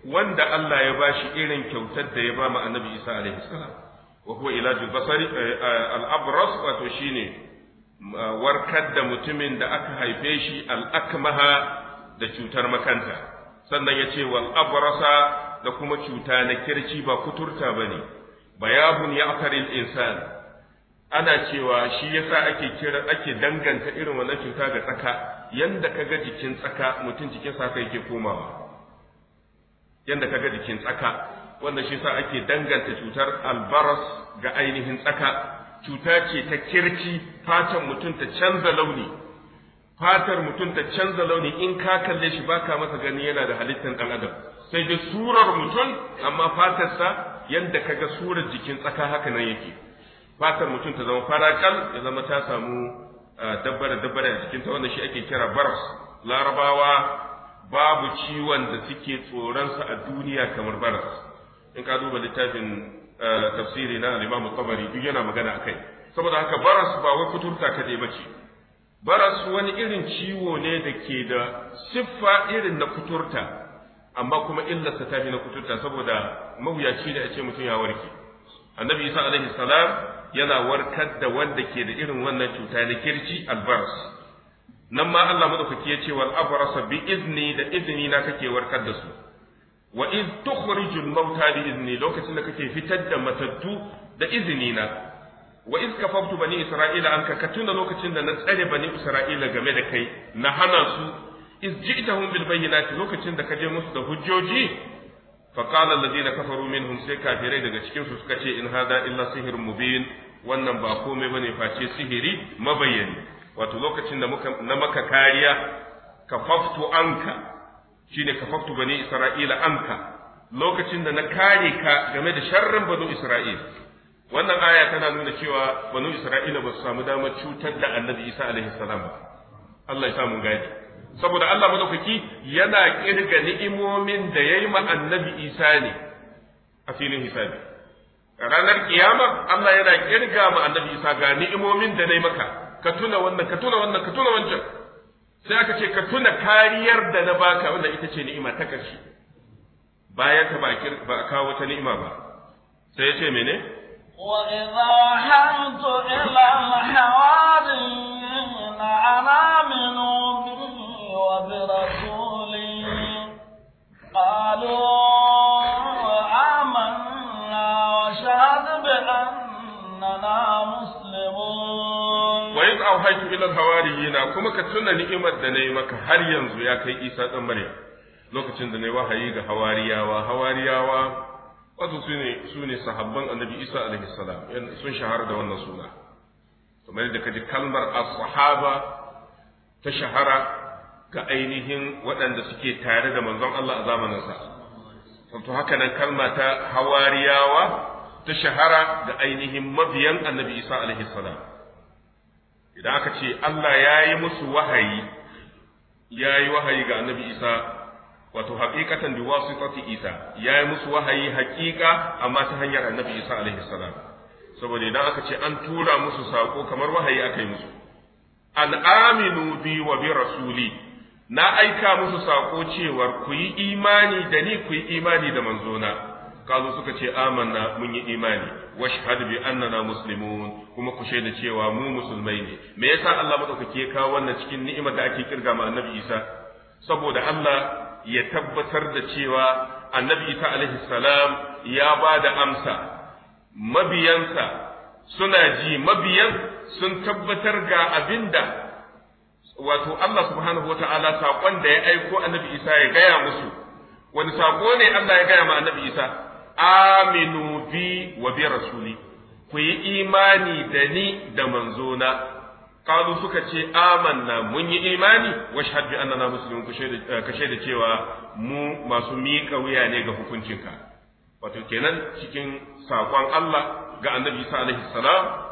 wanda Allah ya ba shi irin kyautar da ya ba ma annabi Isa alaihi salam wa huwa ilajul basari eh, eh, al-abras wato shine warkar da mutumin da aka haife shi al da cutar makanta sannan ya ce wal da kuma cuta na kirci ba kuturta bane bayahun ya'taril insan ana cewa shi yasa ake kira ake danganta irin wannan cuta ga tsaka yanda kaga jikin tsaka mutum jikin sa yake komawa yanda kaga jikin tsaka wanda shi yasa ake danganta cutar albaras ga ainihin tsaka cuta ce ta kirci fatan mutum ta canza launi fatar mutum ta canza launi in ka kalle shi baka masa gani yana da halittar dan adam sai dai surar mutum amma fatarsa yanda kaga surar jikin tsaka haka nan yake fatar mutum ta zama farakal ya zama ta samu ah, dabbare dabbare a ta wanda shi ake kira baras larabawa babu ciwon da suke tsoronsa a duniya kamar baras in ka duba littafin ah, tafsiri na al-Imam Tabari duk yana magana akai saboda haka baras ba wai kuturta kadai bace baras wani irin ciwo ne da ke da siffa irin na kuturta amma kuma illarsa ta fi na kuturta saboda mawuyaci da a ce mutum ya warke annabi isa alaihi salam yana warkar da wanda ke da irin wannan cuta na kirci albaras nan ma Allah madaukaki ya ce wal abrasa bi izni da izinina na kake warkar da su wa iz tukhrijul mauta bi izni lokacin da kake fitar da matattu da izinina. na wa iz kafaftu bani isra'ila an ka tuna lokacin da na tsare bani isra'ila game da kai na hana su iz ji'tahum bil bayyinati lokacin da ka je musu da hujjoji فقال الذين كفروا منهم سي كافري daga cikin su suka ce in hada illa sihir mubin wannan ba komai bane face sihiri mabayyani wato lokacin da muka na maka kariya kafaftu anka shine kafaftu bani isra'ila anka lokacin da na kare ka game da sharrin banu isra'ila wannan aya tana nuna cewa banu isra'ila ba su samu damar cutar da annabi isa alaihi salam ba Allah ya sa mun gani saboda Allah madaukaki yana kirga ni'imomin da yayi ma annabi Isa ne a filin hisabi ranar kiyama Allah yana kirga ma annabi Isa ga ni'imomin da nayi maka ka tuna wannan ka tuna wannan ka tuna wancan sai aka ce ka tuna kariyar da na baka wanda ita ce ni'ima ta ƙarshe bayan ka ba a kawo wata ni'ima ba sai ya ce mene وإذا حمت إلى الحواريين أن آمنوا بي haiku ilal hawariyina kuma ka tuna ni'imar da na maka har yanzu ya kai isa ɗan marya. lokacin da na yi wahayi ga hawariyawa hawariyawa wato su ne sahabban annabi isa alaihi salam sun shahara da wannan suna kamar da ji kalmar as-sahaba ta shahara ga ainihin waɗanda suke tare da manzon Allah a zamaninsa. To hakanan kalma ta hawariyawa ta shahara ga ainihin mabiyan annabi Isa alaihi salam. Idan aka ce Allah ya yi musu wahayi, ya yi wahayi ga annabi Isa wato haƙiƙatan bi wasitati Isa, ya yi musu wahayi haƙiƙa amma ta hanyar annabi Isa alaihi salam. Saboda idan aka ce an tura musu saƙo kamar wahayi aka yi musu. alaminu aminu bi wa bi rasuli na aika musu sako cewa ku yi imani da ni ku yi imani da manzona kazo suka ce amanna mun yi imani washhad bi annana muslimun kuma ku shaida cewa mu musulmai ne me yasa Allah madaukake ya kawo wannan cikin ni'imar da ake kirga ma annabi Isa saboda Allah ya tabbatar da cewa annabi Isa alaihi salam ya ba da amsa mabiyansa suna ji mabiyan sun tabbatar ga abinda wato Allah subhanahu wa ta'ala saƙon da ya aiko annabi Isa ya gaya musu, wani saƙo ne Allah ya gaya ma annabi Isa, aminu bi wa bi rasuli, ku yi imani da ni da manzona, kalu suka ce amanna mun yi imani, wa shahad bi annana musulmin eh, ka shaida cewa mu masu miƙa wuya ne ga hukuncinka. Wato kenan cikin saƙon Allah ga annabi Isa alaihi salam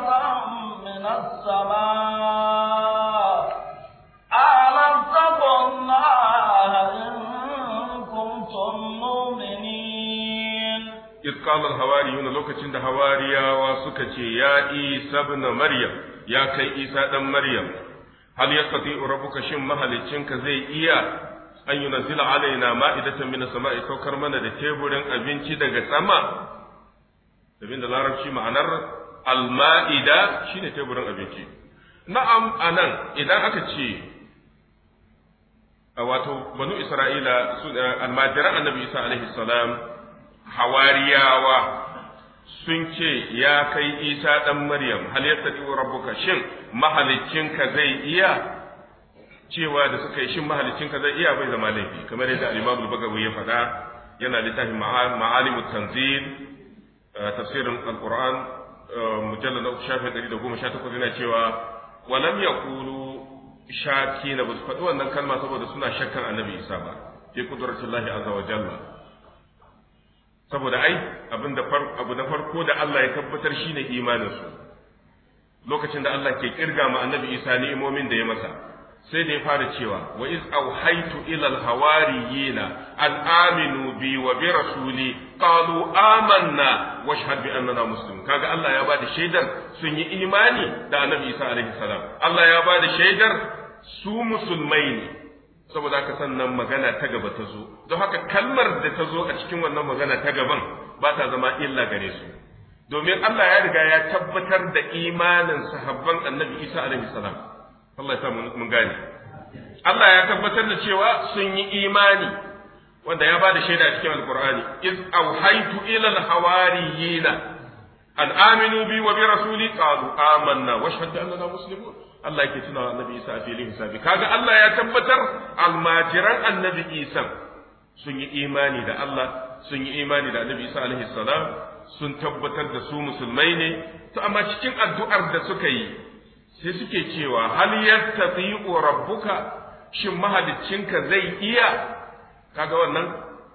قال الحواريون السماء ألم حواريا الله إن يا عيسى ابن مريم يا كي عيسى ابن مريم هل يستطيع ربك شم مهلكينك زي ايا ان ينزل علينا alaina من السماء sama ya saukar mana da teburin abinci daga sama abinda larabci al-ma'ida shine teburin abinci na'am anan idan aka ce wato banu isra'ila su eh, almajiran annabi isa alaihi salam hawariyawa sun ce ya kai isa dan maryam hal yattadi rabbuka shin ka zai iya cewa da suka yi shin ka zai iya bai zama laifi kamar yadda al-imam bagawi ya faɗa yana littafin ma'alimut tanzil eh, tafsirin al-qur'an Um, mujallar na shafi ɗari da goma sha takwas yana cewa walam ya kulu shaki na ba su faɗi wannan kalma saboda suna shakkan annabi isa ba fi kuduratun lahi azza wa jalla saboda ai abin da abu na farko da Allah ya tabbatar shine imaninsu lokacin da Allah ke kirga ma annabi isa imomin da ya masa sai da ya fara cewa wa iz auhaitu ila al-hawariyina an aminu bi wa bi rasuli qalu amanna wa shahadu bi annana muslim kaga Allah ya bada shaidar sun yi imani da Annabi Isa alaihi salam Allah ya bada shaidar su musulmai ne saboda haka sannan magana ta gaba ta zo don haka kalmar da ta zo a cikin wannan magana ta gaban ba ta zama illa gare su domin Allah ya riga ya tabbatar da imanin sahabban Annabi Isa alaihi salam Allah ya sa mun gane Allah ya tabbatar da cewa sun yi imani wanda ya ba da shaida a cikin alqur'ani iz auhaitu ilal hawariyina an aminu bi wa bi rasuli qalu amanna wa shahada annana muslimun Allah yake tuna annabi Isa a filin hisabi kaga Allah ya tabbatar almajiran annabi Isa sun yi imani da Allah sun yi imani da annabi Isa alaihi salam sun tabbatar da su musulmai ne to amma cikin addu'ar da suka yi sai suke cewa hal yastati'u rabbuka shin ka zai iya kaga wannan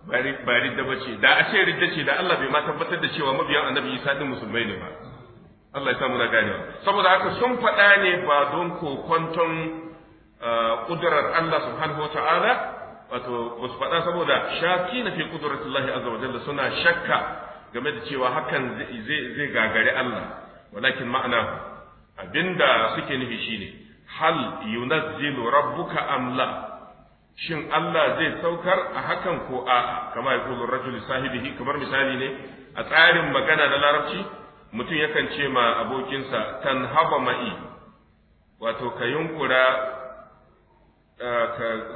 ba ridda bace da a ce ridda ce da Allah bai ma tabbatar da cewa mabiyan annabi Isa din musulmai ne ba Allah ya samu na saboda haka sun faɗa ne ba don kokonton kudurar ah, Allah subhanahu wa ta'ala wato ba su faɗa saboda shaki na fi Allah azza wa jalla suna shakka game da cewa hakan zai gagari Allah walakin ma'ana abinda suke nufi shine hal yunazzilu rabbuka am la shin Allah zai saukar a hakan ko a kama ya kullu rajul sahibihi kamar misali ne a tsarin magana da larabci mutum yakan ce ma abokinsa haba ma'i wato ka yunkura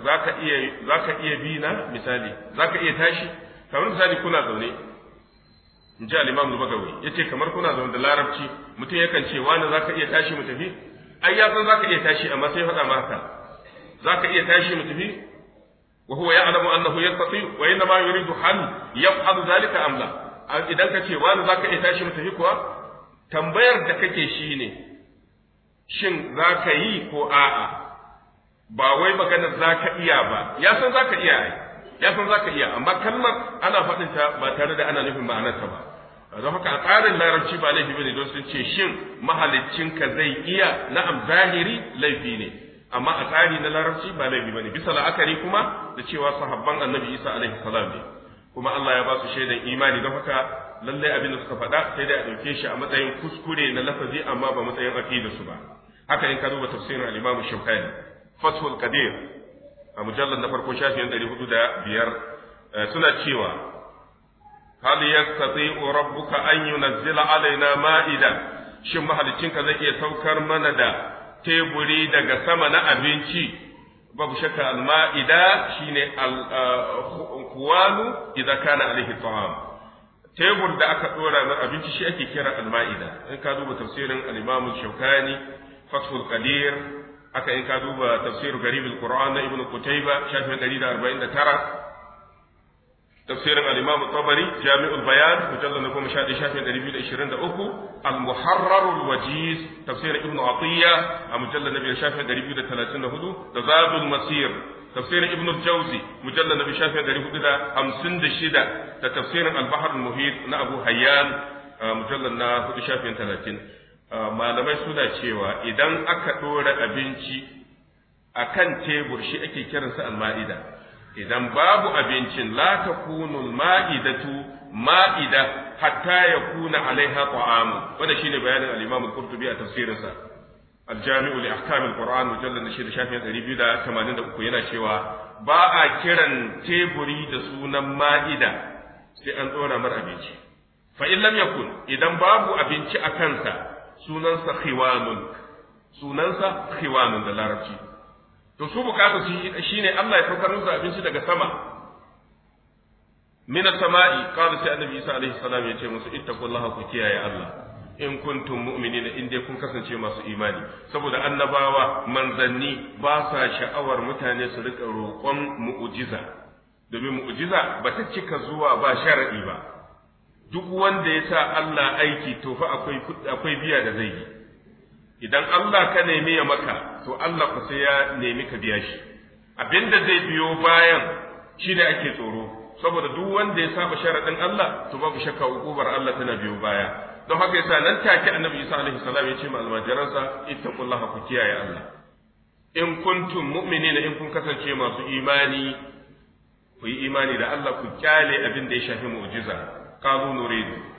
za ka iya bi na misali za ka iya tashi kamar misali kuna zaune in ji alimam imam al-bagawi ce kamar kuna zama da larabci mutum yakan ce wani za ka iya tashi mu tafi ai ya san za ka iya tashi amma sai faɗa maka ka iya tashi mu tafi wa huwa ya'lamu annahu yastati wa inma yuridu hal yafhadu zalika amla la idan ka ce wani za ka iya tashi mu tafi kuwa tambayar da kake shi ne, shin za ka yi ko a'a ba wai maganar ka iya ba ya san za ka iya ai ya san za ka iya amma kalmar ana faɗin ta ba tare da ana nufin ma'anarta ba don haka a tsarin larabci ba laifi bane don sun ce shin mahaliccinka zai iya na'am zahiri laifi ne amma a tsari na larabci ba laifi bane bisa la'akari kuma da cewa sahabban annabi isa alaihi salam ne kuma Allah ya ba su shaidan imani don haka lallai abin da suka faɗa sai dai a ɗauke shi a matsayin kuskure na lafazi amma ba matsayin aqida su ba haka in ka duba tafsirin al-Imam Shawkani Fathul Qadir a mujallar na farko shafin biyar eh, suna cewa hal yastati'u rabbuka an yunzila alaina ma'ida shin ka zai iya saukar mana da teburi daga sama na abinci babu shakka al-ma'ida shine al-kuwanu idan kana alaihi ta'am tebur da aka dora na abinci shi ake kira al-ma'ida in ka duba tafsirin al-imam shaukani fathul qadir aka in ka duba tafsir garib quran na ibnu qutayba shafin 149 tafsirin al-imam tabari bayan mujallal na goma sha ɗaya shafin ɗari biyu da ishirin da uku al-muharrarul wajiz tafsirin ibnu atiyya a mujallal na biyar shafin ɗari biyu da talatin da hudu da zadul masir tafsirin ibnu jauzi mujallal na biyu shafin ɗari hudu da hamsin da shida da tafsirin al-bahar muhit na abu hayyan mujallal na hudu shafin talatin malamai suna cewa idan aka ɗora abinci a kan tebur shi ake kiransa alma'ida. idan babu abincin la takunul ma'idatu ma'ida hatta ya kuna alaiha ta'amu wanda ne bayanin al-Imam al-Qurtubi a tafsirinsa al-Jami'u li shida al ɗari biyu da tamanin da uku yana cewa ba a kiran teburi da sunan ma'ida sai an tsora mar abinci fa in lam yakun idan babu abinci a kansa sunansa khiwanun sunansa khiwanun da larabci to su bukatar shi ne Allah ya saukar musu abinci daga sama min as-sama'i qala sai annabi Isa alaihi salam ya ce musu ittaqullaha ku kiyaye Allah in kuntum na in dai kun kasance masu imani saboda annabawa manzanni ba sa sha'awar mutane su rika roƙon mu'ujiza domin mu'ujiza ba ta cika zuwa ba shar'i ba duk wanda ya sa Allah aiki to fa akwai akwai biya da zai yi idan Allah ka nemi ya maka to Allah ku sai ya nemi ka biya shi abinda zai biyo bayan shi ne ake tsoro saboda duk wanda ya saba sharadin Allah to babu shakka hukumar Allah tana biyo baya don haka yasa nan take annabi Isa alaihi salam ya ce ma almajiransa ittaqullaha ku kiyaye Allah in kuntum mu'minina in kun kasance masu imani ku yi imani da Allah ku kyale abin da ya shafi mu'jiza qalu nuridu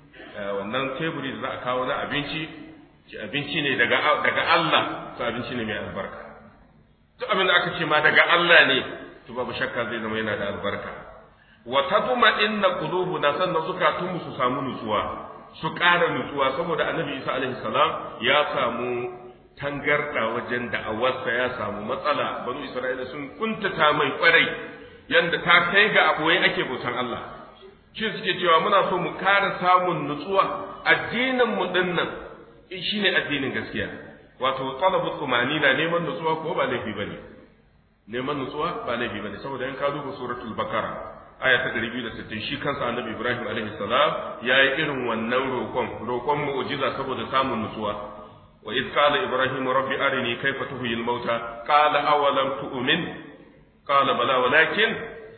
Eh, wannan teburi da za a kawo na abinci ki abinci ne daga Allah to abinci ne mai albarka duk abin da aka ce ma daga Allah ne to babu shakka zai zama yana da albarka wa tatuma inna qulubuna sanna zukatunmu su samu nutsuwa su ƙara nutsuwa saboda annabi Isa alaihi salam ya samu tangarda wajen da'awarsa ya samu matsala banu Isra'ila sun kuntata mai kwarai yanda ta kai ga akwai ake bautan Allah shi suke cewa muna so mu kara samun nutsuwa addinin mu dinnan shine addinin gaskiya wato talabu tsumani na neman nutsuwa ko ba laifi bane neman nutsuwa ba laifi bane saboda in ka duba suratul bakara aya ta 260 shi kansa annabi ibrahim alaihi salam yayi irin wannan roƙon roƙon mu'jiza saboda samun nutsuwa wa iz qala ibrahim rabbi arini kayfa tuhyil mauta qala awalam tu'min qala bala walakin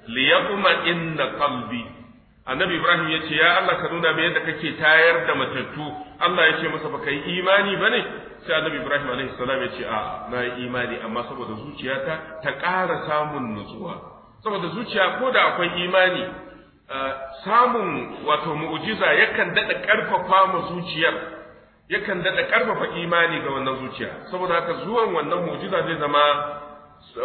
liyatma inna qalbi annabi ibrahim ya ce ya allah ka nuna mai yadda kake tayar da matattu allah ya ce masa baka yi imani bane sai annabi ibrahim alaihi salam ya ce a na yi imani amma saboda zuciyata ta ƙara samun nutsuwa saboda zuciya ko da akwai imani samun wato mu'jiza yakan daɗa ƙarfafa ma zuciyar yakan daɗa ƙarfafa imani ga wannan zuciya saboda haka zuwan wannan mu'jiza zai zama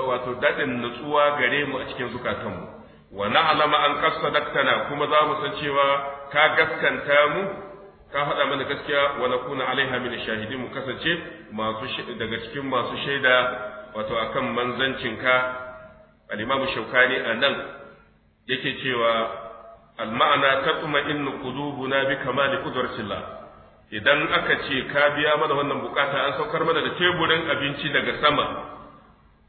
wato daɗin nutsuwa gare mu a cikin zukatanmu wa na'lama an qasadaktana kuma za mu san cewa ka gaskanta mu ka faɗa mana gaskiya wa nakuna alaiha min shahidin mu kasance masu daga cikin masu shaida wato akan ka al-imamu shaukani anan yake cewa al-ma'ana in qulubuna bi kamali qudratillah idan aka ce ka biya mana wannan bukata an saukar mana da teburin abinci daga sama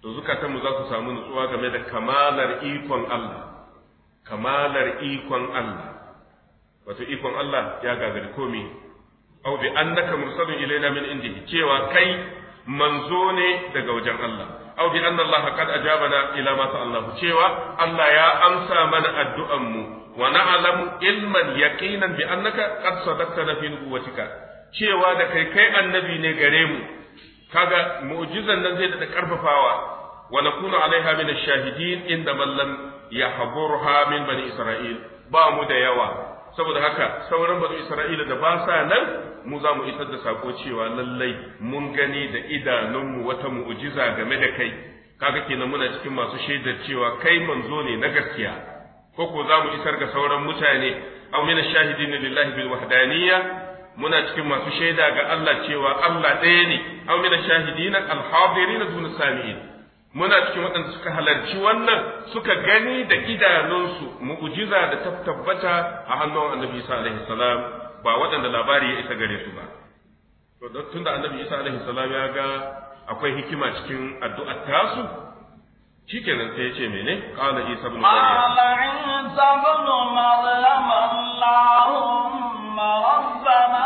to mu za su samu nutsuwa game da kamalar ikon Allah kamalar ikon Allah wato ikon Allah ya gagari komi au bi annaka mursalun ilaina min indihi cewa kai manzo ne daga wajen Allah au bi anna Allah qad ajabana ila ma ta'allahu cewa Allah ya amsa mana addu'an mu wa na'lamu ilman yaqinan bi annaka qad sadaqtana fi nubuwatika cewa da kai kai annabi ne gare mu kaga mu'jizan nan zai da karfafawa wa nakunu alaiha min ash-shahidin inda mallan. yahburha min bani isra'il ba mu da yawa saboda haka sauran bani isra'ila da ba sa nan mu za mu isar da sako cewa lallai mun gani da idanunmu wata mu'ujiza game da kai kaga kenan muna cikin masu shaidar cewa kai manzo ne na gaskiya ko ko za mu isar ga sauran mutane aw min shahidin lillahi bil wahdaniyya muna cikin masu shaida ga Allah cewa Allah ɗaya ne aw min shahidin al hadirin dun sami'in muna cikin waɗanda suka halarci wannan suka gani da idanunsu mu'ujiza, da ta tabbata a hannun annabi isa alaihi salam ba waɗanda labari ya isa gare su ba to tunda annabi isa alaihi salam ya ga akwai hikima cikin addu'ar tasu shikenan sai ya ce mene qala isa ibn maryam qala isa ibn maryam allahumma rabbana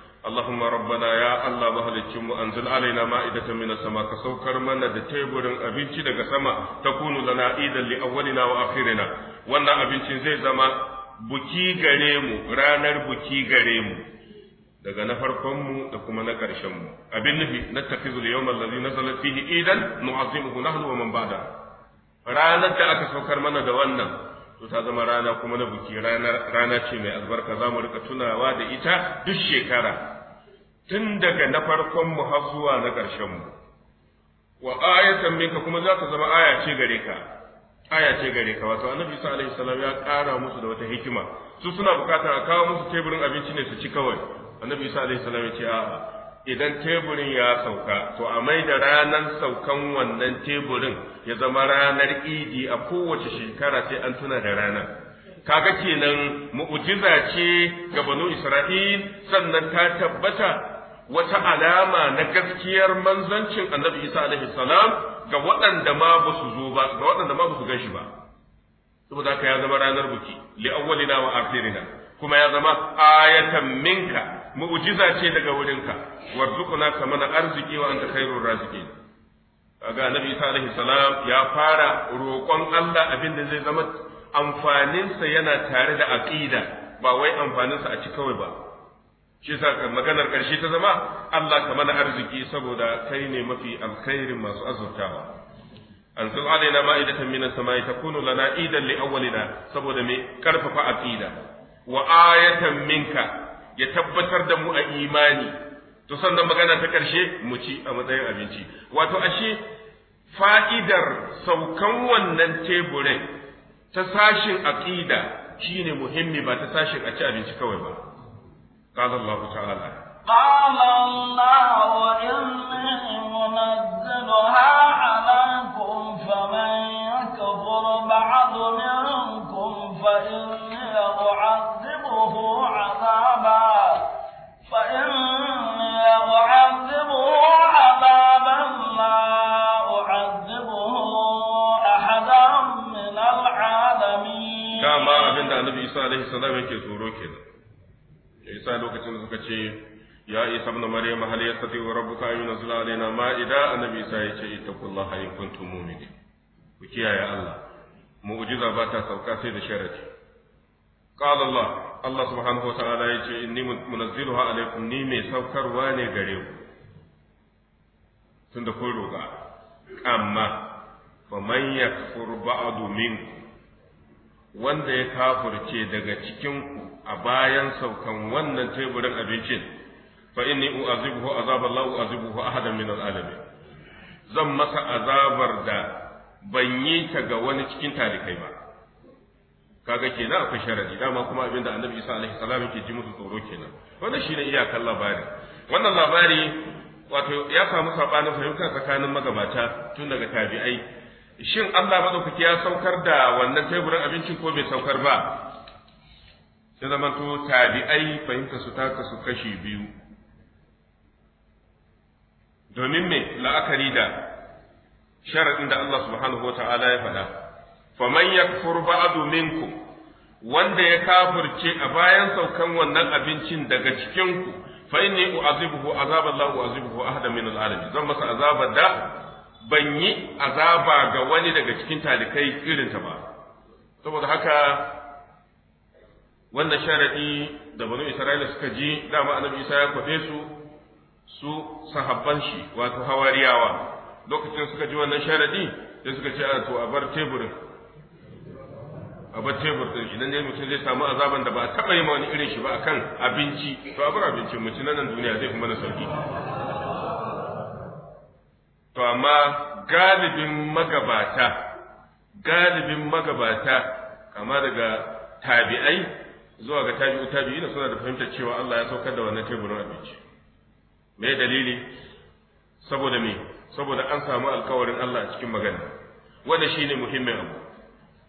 اللهم ربنا يا الله مهلكين وانزل علينا مائدة من السماء كسوكر من التيبر أبنتي دق سما تكون لنا عيدا لأولنا وآخرنا وانا أبنتي زي زما بكي غريمو رانر بكي غريمو daga na farkonmu da kuma na ƙarshenmu abin nufi na tafi zuliyar mallazi na salafihi idan nu'azimuhu nahnu wa man bada ranar da aka saukar mana da wannan to ta zama rana kuma na buki rana ce mai albarka za mu rika tunawa da ita duk shekara tun daga na farkon mu har zuwa na ƙarshen mu wa ayatan minka kuma za ta zama aya ce gare ka aya ce gare ka wato annabi isa alaihi salam ya ƙara musu da wata hikima su suna bukatar a kawo musu teburin abinci ne su ci kawai annabi isa alaihi salam ya ce a'a idan teburin ya sauka to a mai da ranar saukan wannan teburin ya zama ranar idi a kowace shekara sai an tuna da ranar kaga kenan mu'jiza ce ga banu isra'il sannan ta tabbata wata alama na gaskiyar manzancin annabi isa alaihi salam ga waɗanda ma ba su zo ba ga waɗanda ma ba su gashi ba saboda haka ya zama ranar buki li awwalina wa akhirina kuma ya zama ayatan minka mu'jiza ce daga wurinka warzuqna kama na arziki wa anta khairur raziqin kaga annabi isa alaihi salam ya fara roƙon Allah abin da zai zama amfaninsa yana tare da aqida ba wai amfaninsa a ci kawai ba shi sa maganar ƙarshe ta zama Allah ka mana arziki saboda kai ne mafi alkhairin masu azurtawa an zul alaina ma'idatan min as-sama'i takunu lana idan li awwalina saboda me karfafa aqida wa ayatan minka ya tabbatar da mu a imani to sannan magana ta ƙarshe mu ci a matsayin abinci wato ashe fa'idar saukan wannan teburin ta sashin aqida shine muhimmi ba ta sashin a ci abinci kawai ba قال الله تعالى قال الله إني منزلها عليكم فمن يكفر بعد منكم فإني أعذبه عذابا فإني أعذبه عذابا لا أعذبه أحدا من العالمين كما أبن النبي صلى الله عليه وسلم يكي da isa lokacin da suka ce ya isa ibn maryam hal yastati wa rabbuka an yunzila alaina ma'ida annabi isa ya ce ittaqullaha in kuntum mu'minin ku kiyaye Allah mu'jiza ba ta sauka sai da sharadi qala Allah Allah subhanahu wa ta'ala ya ce inni munazziluha alaikum ni mai saukarwa ne gare ku tunda kun roƙa amma fa man yakfur ba'du minkum wanda ya kafurce daga cikin ku a bayan saukan wannan teburin abincin fa inni u'azibuhu azaban la u'azibuhu ahadan min al-alamin zan masa azabar da ban yi ta ga wani cikin talikai ba kaga kenan akwai sharadi dama kuma abinda annabi isa alaihi salam yake ji musu tsoro kenan wannan shine iyakan labari wannan labari wato ya samu sabanin fahimta tsakanin magabata tun daga tabi'ai shin Allah madaukaki ya saukar da wannan teburin abincin ko bai saukar ba ya zama to tabi'ai fahimta su ta kasu kashi biyu domin me la'akari da sharaɗin da Allah subhanahu wa ta'ala ya faɗa faman yakfur ba'du minkum wanda ya kafirce a bayan saukan wannan abincin daga cikinku fa inni u'azibuhu azaban la u'azibuhu ahada min al-alamin zan masa azaba da ban yi azaba ga wani daga cikin talikai irin ta ba saboda haka wannan sharadi da banu isra'ila suka ji dama annabi isa ya kwafe su su sahabban shi wato hawariyawa lokacin suka ji wannan sharadi sai suka ce to a bar teburin a bar tebur din idan dai mutum zai samu azaban da ba a taba yi ma wani irin shi ba akan abinci to a bar abinci mutum nan duniya zai kuma na sauki to amma galibin magabata galibin magabata kama daga tabi'ai zuwa ga tabi'u tabi'ina suna da fahimtar cewa Allah ya saukar da wannan teburin abinci me dalili saboda me saboda an samu alkawarin Allah a cikin magana wanda shine muhimmin abu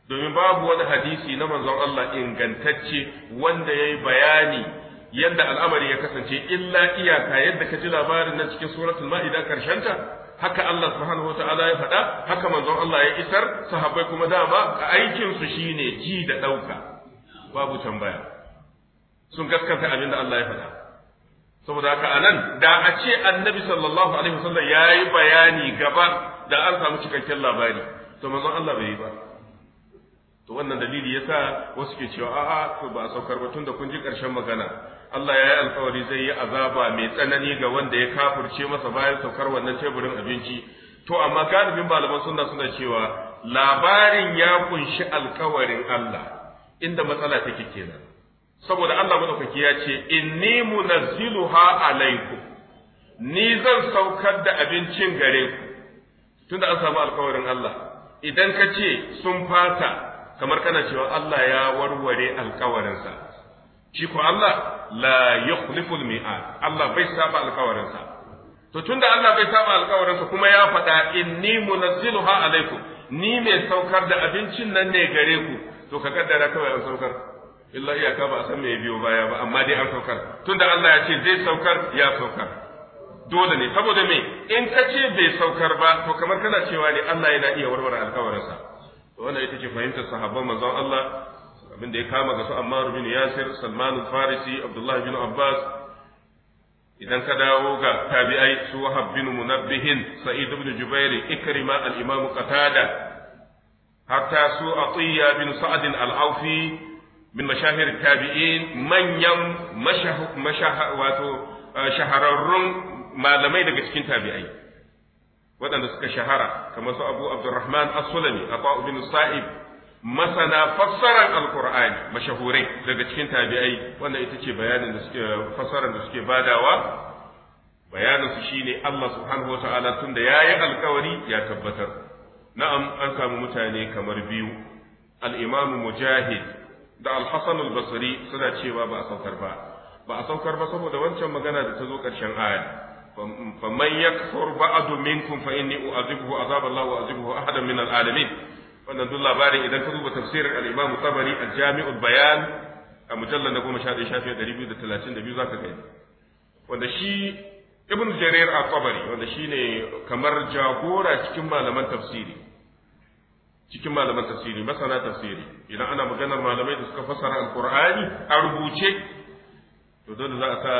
domin babu wani hadisi na manzon Allah ingantacce wanda yayi bayani yadda al'amari ya kasance illa iyaka yadda ka ji labarin na cikin suratul ma'ida karshenta haka Allah subhanahu wata'ala ya faɗa haka manzon Allah ya isar sahabbai kuma dama aikin su shine ji da ɗauka babu tambaya sun gaskanta abin da Allah ya faɗa saboda haka anan da a ce annabi sallallahu alaihi wasallam ya yi bayani gaba da an samu cikakken labari to manzo Allah bai yi ba to wannan dalili yasa wasu ke cewa a'a to ba a saukar ba tun da kun ji karshen magana Allah ya yi alkawari zai yi azaba mai tsanani ga wanda ya kafurce masa bayan saukar wannan teburin abinci to amma galibin malaman sunna suna cewa labarin ya kunshi alkawarin Allah inda matsala take kenan saboda Allah madaukaki ya ce inni munazziluha alaikum ni zan saukar da abincin gare ku tunda an samu alkawarin Allah idan ka ce sun fata kamar kana cewa Allah ya warware alkawarinsa shi ko Allah la yukhlifu al-mi'ad Allah bai saba alkawarinsa to tunda Allah bai saba alkawarinsa kuma ya faɗa inni munazziluha alaikum ni mai saukar da abincin nan ne gare ku to ka kaddara kawai an saukar illa iyaka ba a san me biyo baya ba amma dai an saukar tunda Allah ya ce zai saukar ya saukar dole ne saboda me in ka ce bai saukar ba to kamar kana cewa ne Allah yana iya warware alkawarinsa wannan ita ce fahimtar sahabban manzon Allah abin da ya kama ga su Ammar bin Yasir Salman al-Farisi Abdullah bin Abbas idan ka dawo ga tabi'ai su Wahab bin Munabbih Sa'id ibn Jubair Ikrima al-Imam Qatada Harta su atiyya bin sa'ad al-aufi min mashahir tabi'in manyan wato shahararrun malamai daga cikin tabi'ai waɗanda suka shahara kamar su abu abdurrahman as-sulami bin sa'ib masana fassarar alkur'ani mashahurai daga cikin tabi'ai wannan ita ce bayanin da suke fassarar da suke badawa bayanin su shine Allah subhanahu wata'ala tunda yayi alkawari ya tabbatar na'am an samu mutane kamar biyu al mujahid da al-hasan basri suna cewa ba a saukar ba ba a saukar ba saboda wancan magana da ta zo ƙarshen aya faman a ba'du minkum fa inni u'adhibuhu azaban la u'adhibuhu ahadan min al-alamin wannan duk labarin idan ka duba tafsirin al-imam tabari a jamiul bayan a mujallal na 11 shafi za ka gani wanda shi ibn jarir a tabari wanda shine kamar jagora cikin malaman tafsiri cikin malaman tafsiri masana tafsiri idan ana maganar malamai da suka fassara alqur'ani a rubuce to dole za a sa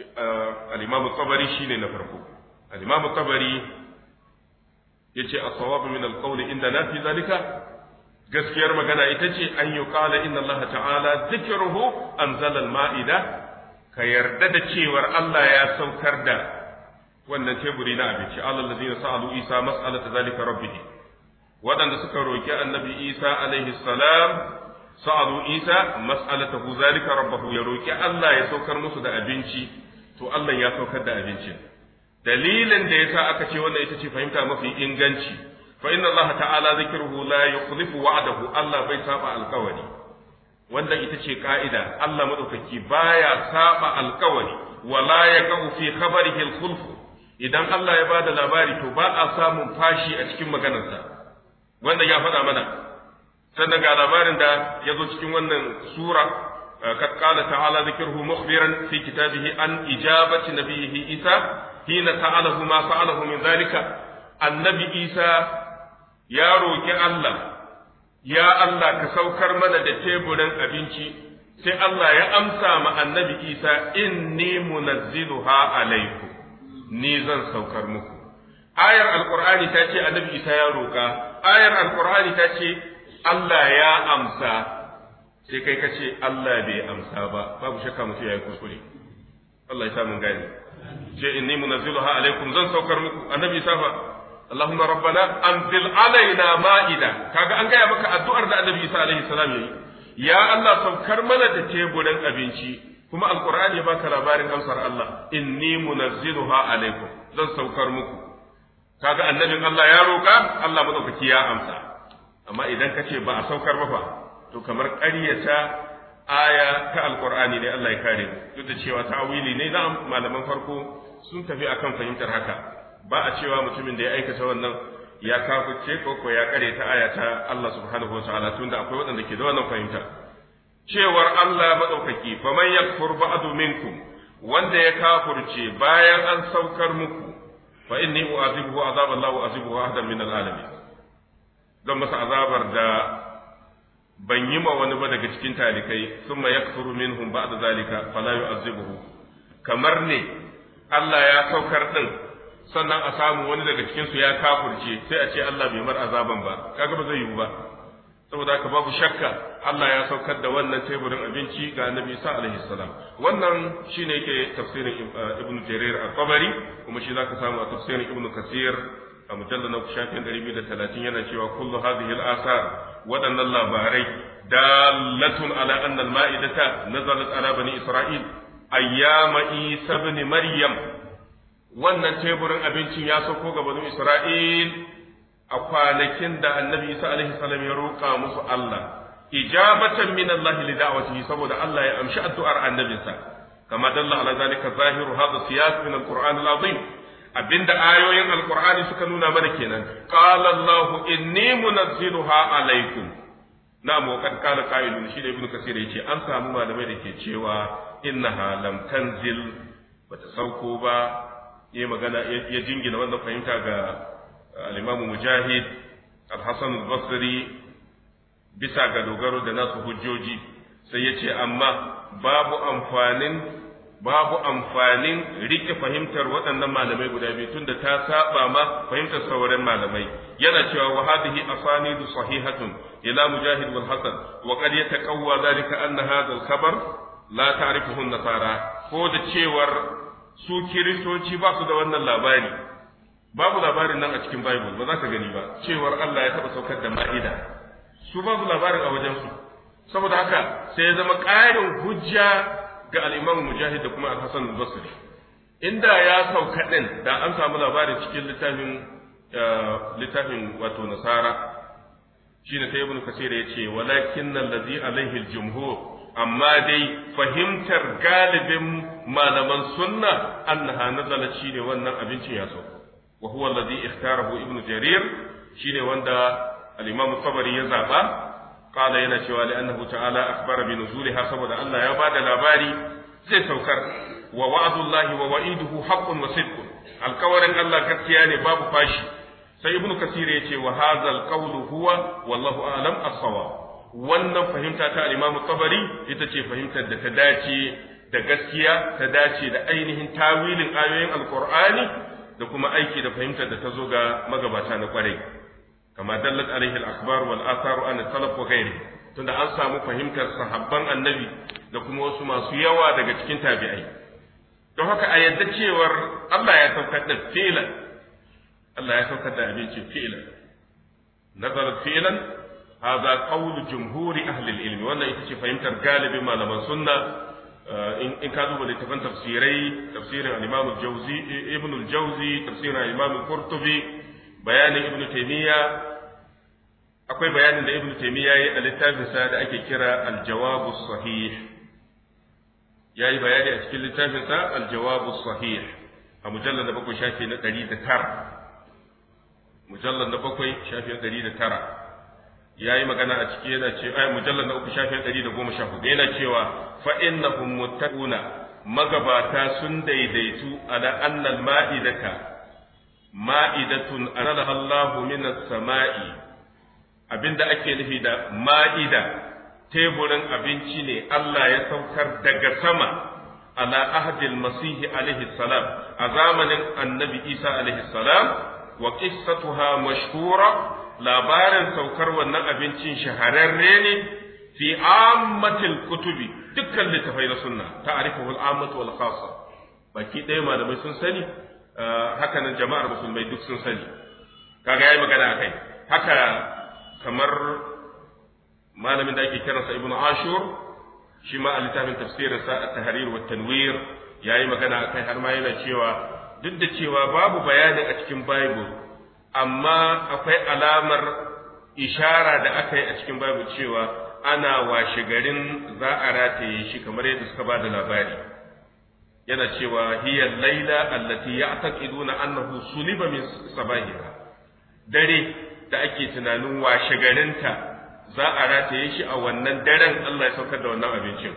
eh, al-imamu tabari shine na farko al-imamu tabari yace as-sawabu min al-qawl indana fi zalika gaskiyar magana ita ce an yi kala inna Allah ta'ala zikiruhu anzala al-ma'ida ka yarda da cewar Allah ya saukar da wannan teburi na abinci Allah lazina sa'alu Isa mas'alata zalika rabbihi waɗanda suka roƙi annabi isa alaihi salam sa'alu isa mas'alatahu zalika rabbahu ya roƙi Allah ya saukar musu da abinci to Allah ya saukar da abincin dalilin da yasa aka ce wannan ita ce fahimta mafi inganci fa inna Allah ta'ala zikruhu la yukhlifu wa'dahu Allah bai saba alƙawari wanda ita ce ka'ida Allah madaukaki baya saba alƙawari wala yaqu fi khabarihi al idan Allah ya bada labari to ba a samun fashi a cikin maganarsa wannan ya faɗa mana sannan ga labarin da ya zo cikin wannan sura kad qala ta'ala zikruhu mukhbiran fi kitabihi an ijabati nabiyhi isa hina ta'alahu ma sa'alahu min zalika annabi isa ya roki Allah ya Allah ka saukar mana da teburin abinci sai Allah ya amsa ma annabi isa inni munazziluha alaikum ni zan saukar muku ayar alqur'ani ta ce annabi isa ya roka ayar alqur'ani ta ce Allah ya amsa sai kai ka ce Allah bai amsa ba babu shakka mutum ya yi kuskure Allah ya sa mun gane ce inni munazziluha alaikum zan saukar muku annabi isa fa اللهم ربنا أنزل علينا مائدة كاغا أنغا يا مكا الدعاء دا النبي صلى الله عليه وسلم يا الله سوكر منا دا تيبولن أبينشي كما القرآن يباك لبارن أمسر الله إني منزلها عليكم لن سوكر مكو kaga annabin Allah ya roƙa Allah madaukaki ya amsa amma idan ka ce ba a saukar ba fa to kamar ƙaryata aya ta alƙur'ani ne Allah ya kare duk da cewa ta'awili ne na malaman farko sun tafi akan fahimtar haka ba a cewa mutumin da ya aikata wannan ya kafirce ko ko ya kare ta aya ta Allah subhanahu wa ta'ala tunda akwai waɗanda ke da wannan fahimta cewar Allah madaukaki faman yakfur ba'du minkum wanda ya kafurce bayan an saukar muku fa inni u'azibuhu azaban la u'azibuhu ahadan min al'alamin zan masa azabar da ban yi ma wani ba daga cikin talikai summa yakthuru minhum ba'da zalika fala yu'azibuhu kamar ne Allah ya saukar din sannan a samu wani daga cikin su ya kafurce sai a ce Allah bai mar azaban ba kaga ba zai yiwu ba saboda haka babu shakka Allah ya saukar da wannan teburin abinci ga Annabi Isa alaihi salam wannan shine yake tafsirin eh, Ibn Jarir al-Tabari kuma shi zaka samu a tafsirin Ibn Kathir a mujallal na shafin 230 yana cewa kullu hadhihi al-asar wadannan labarai dalatun ala anna al-ma'idata nazalat ala bani Isra'il ayyama Isa ibn Maryam wannan teburin abincin ya sauko ga bani Isra'il a kwanakin da annabi Isa alaihi salam ya roƙa musu Allah ijabatan min Allah li da'watihi saboda Allah ya amshi addu'ar annabinsa kama dalla ala zalika zahiru hadha siyas min al-Qur'an al abinda ayoyin al suka nuna mana kenan qala Allah inni munazziluha alaikum na'am wa qad qala qa'ilun shi da ibnu kasir yace an samu malamai da ke cewa innaha lam tanzil bata sauko ba yayi magana ya jingina wannan fahimta ga al Mujahid al-Hasan bisa ga dogaro da nasu hujjoji sai yace amma babu amfanin babu rike fahimtar waɗannan malamai guda biyu tunda ta saba ma fahimtar sauran malamai yana cewa wa hadhihi asanidu sahihatun ila mujahid wal hasan ta qad yataqawwa dhalika anna hadha al khabar la ta'rifuhu an-nasara ko da cewar su kiristoci ba su da wannan labari babu labarin nan a cikin bible ba za ka gani ba cewar Allah ya taɓa saukar da ma'ida su babu labarin a wajensu saboda haka sai ya zama ƙarin hujja ga al'imam mujahid da kuma al-hasan al-basri inda ya sauka ɗin da an samu labarin cikin littafin eh, littafin wato nasara shine sai ibnu kasir ya ce walakin allazi alaihi al-jumhur amma dai fahimtar galibin malaman sunna annaha nazala shine wannan abincin ya sauka wa huwa alladhi ikhtarahu ibnu jarir shine wanda al tsabari ya zaba qala yana cewa li annahu ta'ala akhbara bi nuzuliha saboda Allah ya bada labari zai saukar wa wa'adullahi wa wa'iduhu haqqun wa sidqun alkawarin Allah gaskiya ne babu fashi sai ibnu kasir ya ce wa hadha alqawlu huwa wallahu a'lam as wannan fahimta ta al tsabari ita ce fahimtar da ta dace da gaskiya ta dace da ainihin tawilin ayoyin alqur'ani da kuma aiki da fahimtar da ta zo ga magabata na kwarai kama dallat alaihi al-akhbar wal atharu an salaf wa ghairi tunda an samu fahimtar sahabban annabi da kuma wasu masu yawa daga cikin tabi'ai don haka a yadda cewar Allah ya saukar da fi'lan Allah ya saukar da abinci fi'lan Nazar fi'lan hadha qawl jumhuri ahli al-ilm wannan ita ce fahimtar galibin malaman sunna Eh, in ka duba littafin tafsirai tafsirin al-Imam al-Jawzi eh, Ibn al-Jawzi tafsirin al-Imam al-Qurtubi bayanin Ibn Taymiyyah akwai bayanin da Ibn Taymiyyah yayi a littafin sa da ake kira al-Jawab as-Sahih yayi bayani a cikin littafin sa al-Jawab as-Sahih a mujallal da bakwai shafi na 109 mujallal da bakwai shafi na 109 ya yi magana a ciki yana ce ai mujallar na uku shafi ɗari da goma sha hudu yana cewa fa na muttaquna magabata sun daidaitu ala annal ma'idata ma'idatun anala Allahu minas sama'i abinda ake nufi da ma'ida teburin abinci ne Allah ya saukar daga sama ala ahdil masihi alaihi salam a zamanin annabi Isa alaihi salam wa qissatuha mashhura labarin saukar wannan abincin shahararre ne fi ammatil kutubi dukkan littafai na sunna ta'rifu al ammatu wal khassa baki ɗaya malamai sun sani eh, haka nan jama'ar musulmai duk sun sani kaga yayi magana akai haka kamar malamin da ake kiransa ibnu ashur shi ma a littafin tafsirin sa at-tahrir wa tanwir yayi magana akai har ma yana cewa duk da cewa babu bayani a cikin bible amma akwai alamar ishara da aka yi a cikin babu cewa ana washe garin za a rataye shi kamar yadda suka ba da labari yana cewa hiya laila allati ya'taqiduna annahu suliba min sabahiha dare da ake tunanin washe garinta za a rataye shi a wannan daren Allah ya saukar da wannan abincin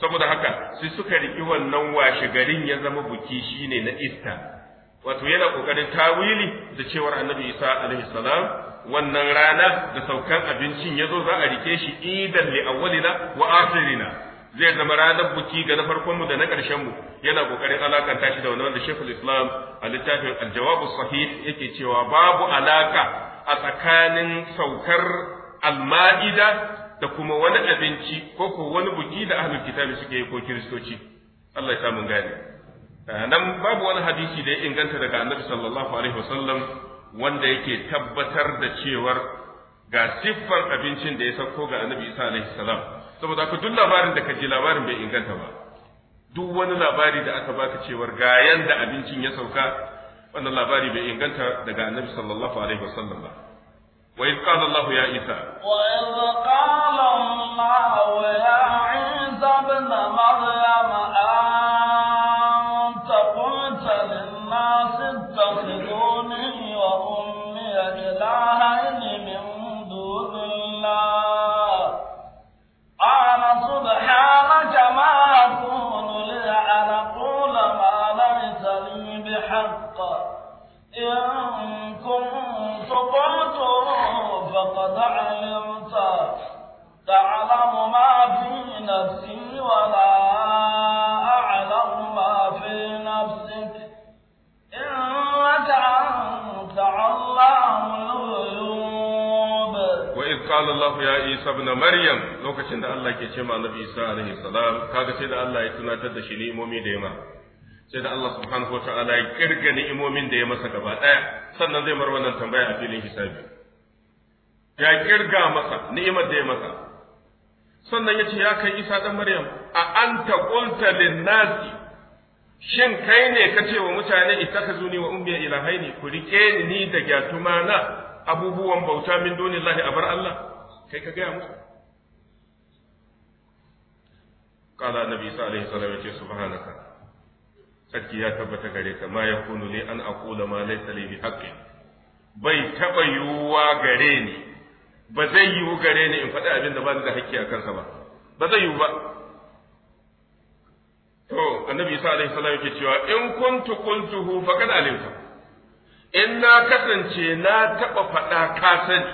saboda haka sai suka riki wannan washe garin ya zama buki shine na ista. wato yana kokarin tawili da cewar annabi isa alaihi salam wannan rana da saukan abincin ya zo za a rike shi idan li awwalina wa akhirina zai zama ranar buki ga na farkon mu da na karshen mu yana kokarin alakanta shi da wannan da Sheikhul Islam a littafin al sahih yake cewa babu alaka a tsakanin saukar alma'ida da kuma wani abinci ko ko wani buki da ahlul kitabi suke yi ko kiristoci Allah ya samu gane Eh, nan babu wani hadisi da ya inganta daga annabi sallallahu alaihi wasallam wanda yake tabbatar da cewar ga siffar abincin da ya sauko ga annabi isa alaihi salam saboda ku duk labarin da ka ji labarin bai inganta ba duk wani labari da aka baka cewar ga yanda abincin ya sauka wannan labari bai inganta daga annabi sallallahu alaihi wasallam ba wa iz qala allah ya isa wa iz qala allah ya isa ibn maryam نفسي ولا أعلم ما في نفسك إنك أنت علام الغيوب وإذ قال الله يا عيسى ابن مريم لو كشند الله كشما النبي عيسى عليه السلام كاغا سيد الله يتنا تدشي نيمومي ديما sai da Allah subhanahu wa ta'ala ya kirga ni'imomin da ya masa gaba ɗaya sannan zai mar wannan tambaya a filin hisabi ya kirga masa ni'imar da ya masa sannan ya ce ya kai isa ɗan maryam a an ta ƙulta linnasi shin kai ne ka ce wa mutane ita zuni wa ilahai ne ku riƙe ni da gyatuma na abubuwan bauta min a bar Allah kai ka gaya musu kala nabi isa alaihi salam yace subhanaka sarki ya tabbata gare ka ma yakunu li an aqula ma laysa li haƙƙi. bai taba yuwa gare ni ba zai yiwu gare ni in faɗi abin da ba ni da hakki a kansa ba ba zai yiwu ba to annabi isa alaihi salam yake cewa in kuntu qultuhu faqad alimta in na kasance na taɓa faɗa ka sani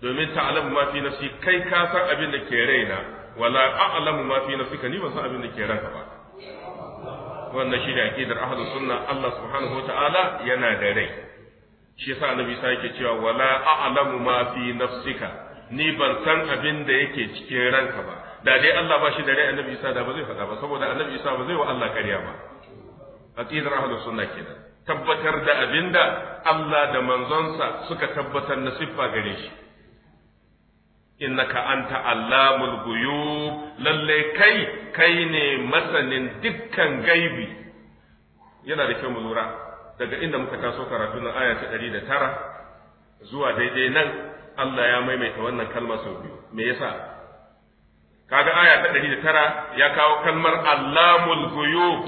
domin ta'lamu ma fi nafsi kai ka san abin da ke raina wala a'lamu ma fi nafsi ka ni ban san abin da ke ranka ba wannan shine aqidar ahlus sunna Allah subhanahu wa ta'ala yana da rai shi yasa annabi Isa yake cewa wala a'lamu ma fi nafsika ni ban san abin da yake cikin ranka ba da dai Allah ba shi da rai annabi Isa da ba zai faɗa ba saboda annabi Isa ba zai wa Allah karya ba aqidar ahlus sunna kenan tabbatar da abinda Allah da manzonsa suka tabbatar na siffa gare shi innaka anta allamul ghuyub lalle kai kai ne masanin dukkan gaibi yana da kyau mu lura daga inda muka taso karatu na aya ta ɗari da tara zuwa daidai nan Allah ya maimaita wannan kalma sau biyu me yasa kaga aya ta ɗari da tara ya kawo kalmar Allahul guyub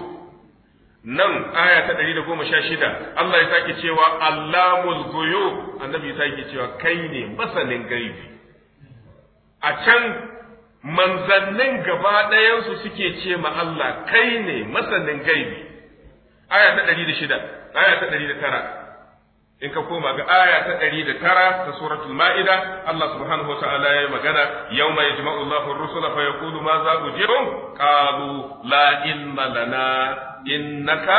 nan aya ta ɗari da goma sha shida Allah ya sake cewa Allahul guyub annabi ya sake cewa kai ne masanin gaibi a can manzannin gaba ɗayansu suke ce ma Allah kai ne masanin gaibi aya ta ɗari da shida aya ta ɗari da tara in ka koma ga aya ta ɗari da tara ta suratul ma'ida Allah subhanahu wa ta'ala ya magana Yau mai Allahu ar-rusula fa yaqulu ma za ujibum qalu la ilma lana innaka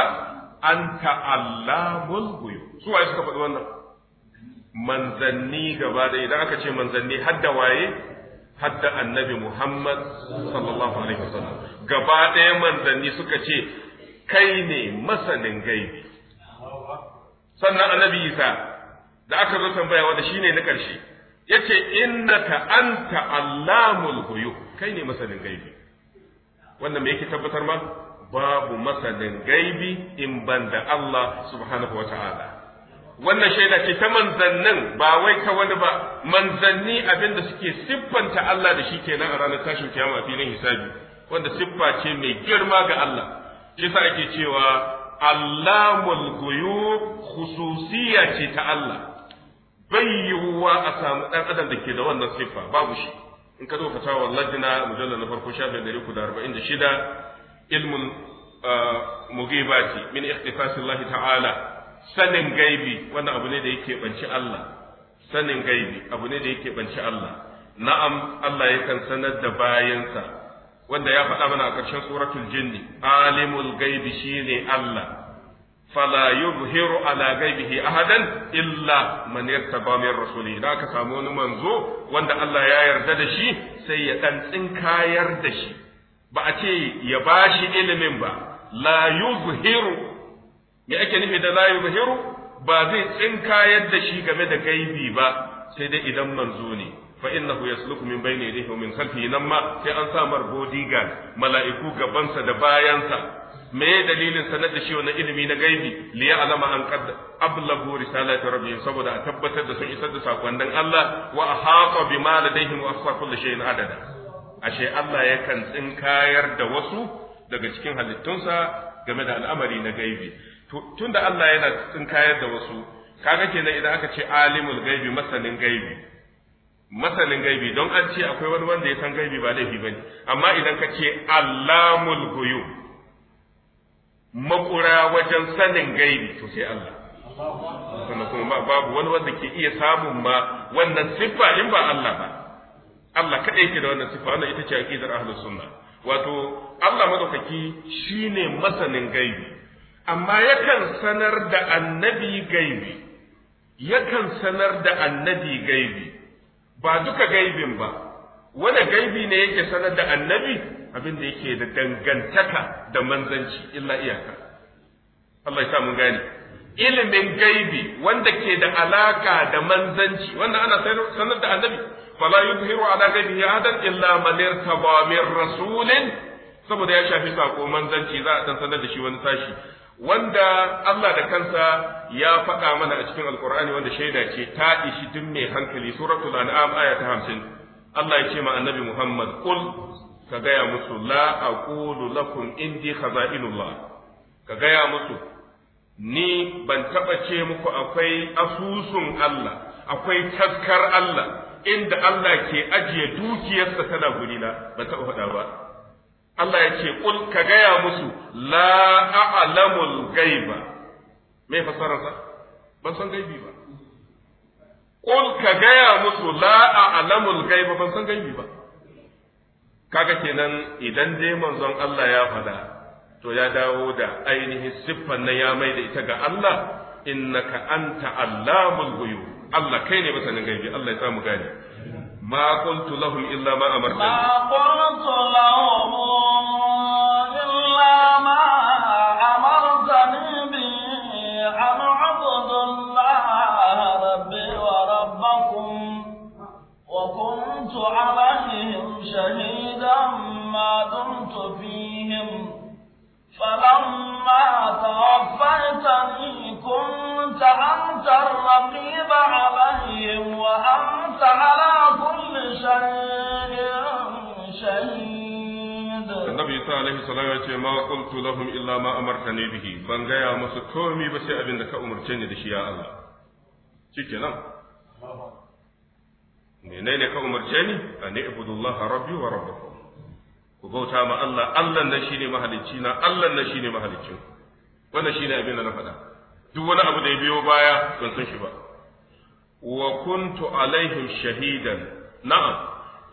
anta allamul ghuyub su waye suka faɗi wannan manzanni gaba da idan aka ce manzanni hadda waye hadda annabi Muhammad sallallahu alaihi wasallam gaba ɗaya manzanni suka ce kai ne masanin gaibi sannan annabi isa da aka zo tambaya wanda shine na karshe yace innaka anta allamul ghuyub kai ne masanin gaibi wannan me yake tabbatar ma babu masanin gaibi in banda Allah subhanahu wa ta'ala wannan shaida ce ta manzannin ba wai ta wani ba manzanni abinda suke siffanta Allah da shi kenan a ranar tashin kiyama filin hisabi wanda siffa ce mai girma ga Allah shi ake cewa allamul guyub khususiyya ce ta Allah bai yiwuwa a samu ɗan adam da ke da wannan siffa babu shi in ka zo fatawar lajina mujallar na farko shafin ɗari uku da arba'in da shida ilmun ah, mugibati min ikhtisasin Allah ta'ala sanin gaibi wannan abu ne da yake banci Allah sanin gaibi abu ne da yake banci Allah na'am Allah yakan sanar da bayansa wanda ya faɗa mana a ƙarshen suratul jinni alimul gaibi shine Allah fala yuzhiru ala gaibihi ahadan illa man yattaba min rasuli da aka samu wani manzo wanda Allah ya yarda da shi sai ya dan tsinkayar da shi ba a ce ya bashi ilimin ba la yuzhiru me ake nufi da la yuzhiru ba zai tsinkayar da shi game da gaibi ba sai dai idan manzo ne fa innahu yasluku min bayni yadihi wa min khalfihi nan ma sai an sa mar bodyguard mala'iku gabansa da bayansa me dalilin sanar da shi ilimi na gaibi li alama an qad ablagu risalati rabbihim saboda a tabbatar da sun isar da sakonnin Allah wa ahata bima ladaihim wa ahsa kulli shay'in adada ashe Allah yakan tsinkayar da wasu daga cikin halittunsa game da al'amari na gaibi tunda Allah yana tsinkayar da wasu kaga kenan idan aka ce alimul gaibi masanin gaibi masanin gaibi don an ce akwai wani wanda ya san gaibi ba laifi ba ne amma idan ka ce allamul guyu makura wajen sanin gaibi to sai Allah sannan kuma babu wani wanda ke iya samun ma wannan siffa in ba Allah ba Allah kaɗai yake da wannan siffa wannan ita ce aqidar ahlus sunna wato Allah madaukaki shine masanin gaibi amma yakan sanar da annabi gaibi yakan sanar da annabi gaibi ba duka gaibin ba wanda gaibi ne yake sanar da annabi abin da yake da dangantaka da manzanci illa iyaka Allah ya mun gane ilimin gaibi wanda ke da alaka da manzanci wanda ana sanar da annabi fala yuzhiru ala ya ahadan illa man irtaba min rasulin saboda ya shafi sako manzanci za a dan sanar da shi wani sashi wanda Allah da kansa ya faɗa mana a cikin alkur'ani wanda shaida ce ta ishi duk mai hankali suratul an'am aya ta hamsin, Allah ya ce ma annabi Muhammad kul ka gaya musu la aqulu lakum indi khaza'inullah ka gaya musu ni ban taba ce muku akwai asusun Allah akwai taskar Allah inda Allah ke ajiye dukiyarsa tana gurina ban taba faɗa ba Allah ya ce kul ka gaya musu la a'lamul gaiba me fasararsa ban san gaibi ba kul ka gaya musu la a'lamul gaiba ban san gaibi ba kaga kenan idan dai manzon Allah ya faɗa to ya dawo da ainihin siffan na ya mai da ita ga Allah innaka anta allamul ghuyub Allah kai ne masanin gaibi Allah ya samu gani ما قلت لهم إلا ما أمرتني ما قلت لهم إلا ما أمرتني به أن عبد الله ربي وربكم وكنت عليهم شهيدا ما دمت فيهم فلما توفيتني كنت أنت الرقيب عليهم وأنت على كل شيء شهيد النبي صلى الله عليه وسلم يقول ما قلت لهم إلا ما أمرتني به بان غيا مسو كومي بس أبين دك أمرتني دشي يا الله شكرا منين ka umarce ان اعبدوا الله ربي وربكم ku bauta ma Allah Allah nan shine mahalicci na Allah nan shine mahalicci wannan shine abin da na faɗa duk wani abu da ya biyo baya ban san shi ba wa kuntu alaihim shahidan na'am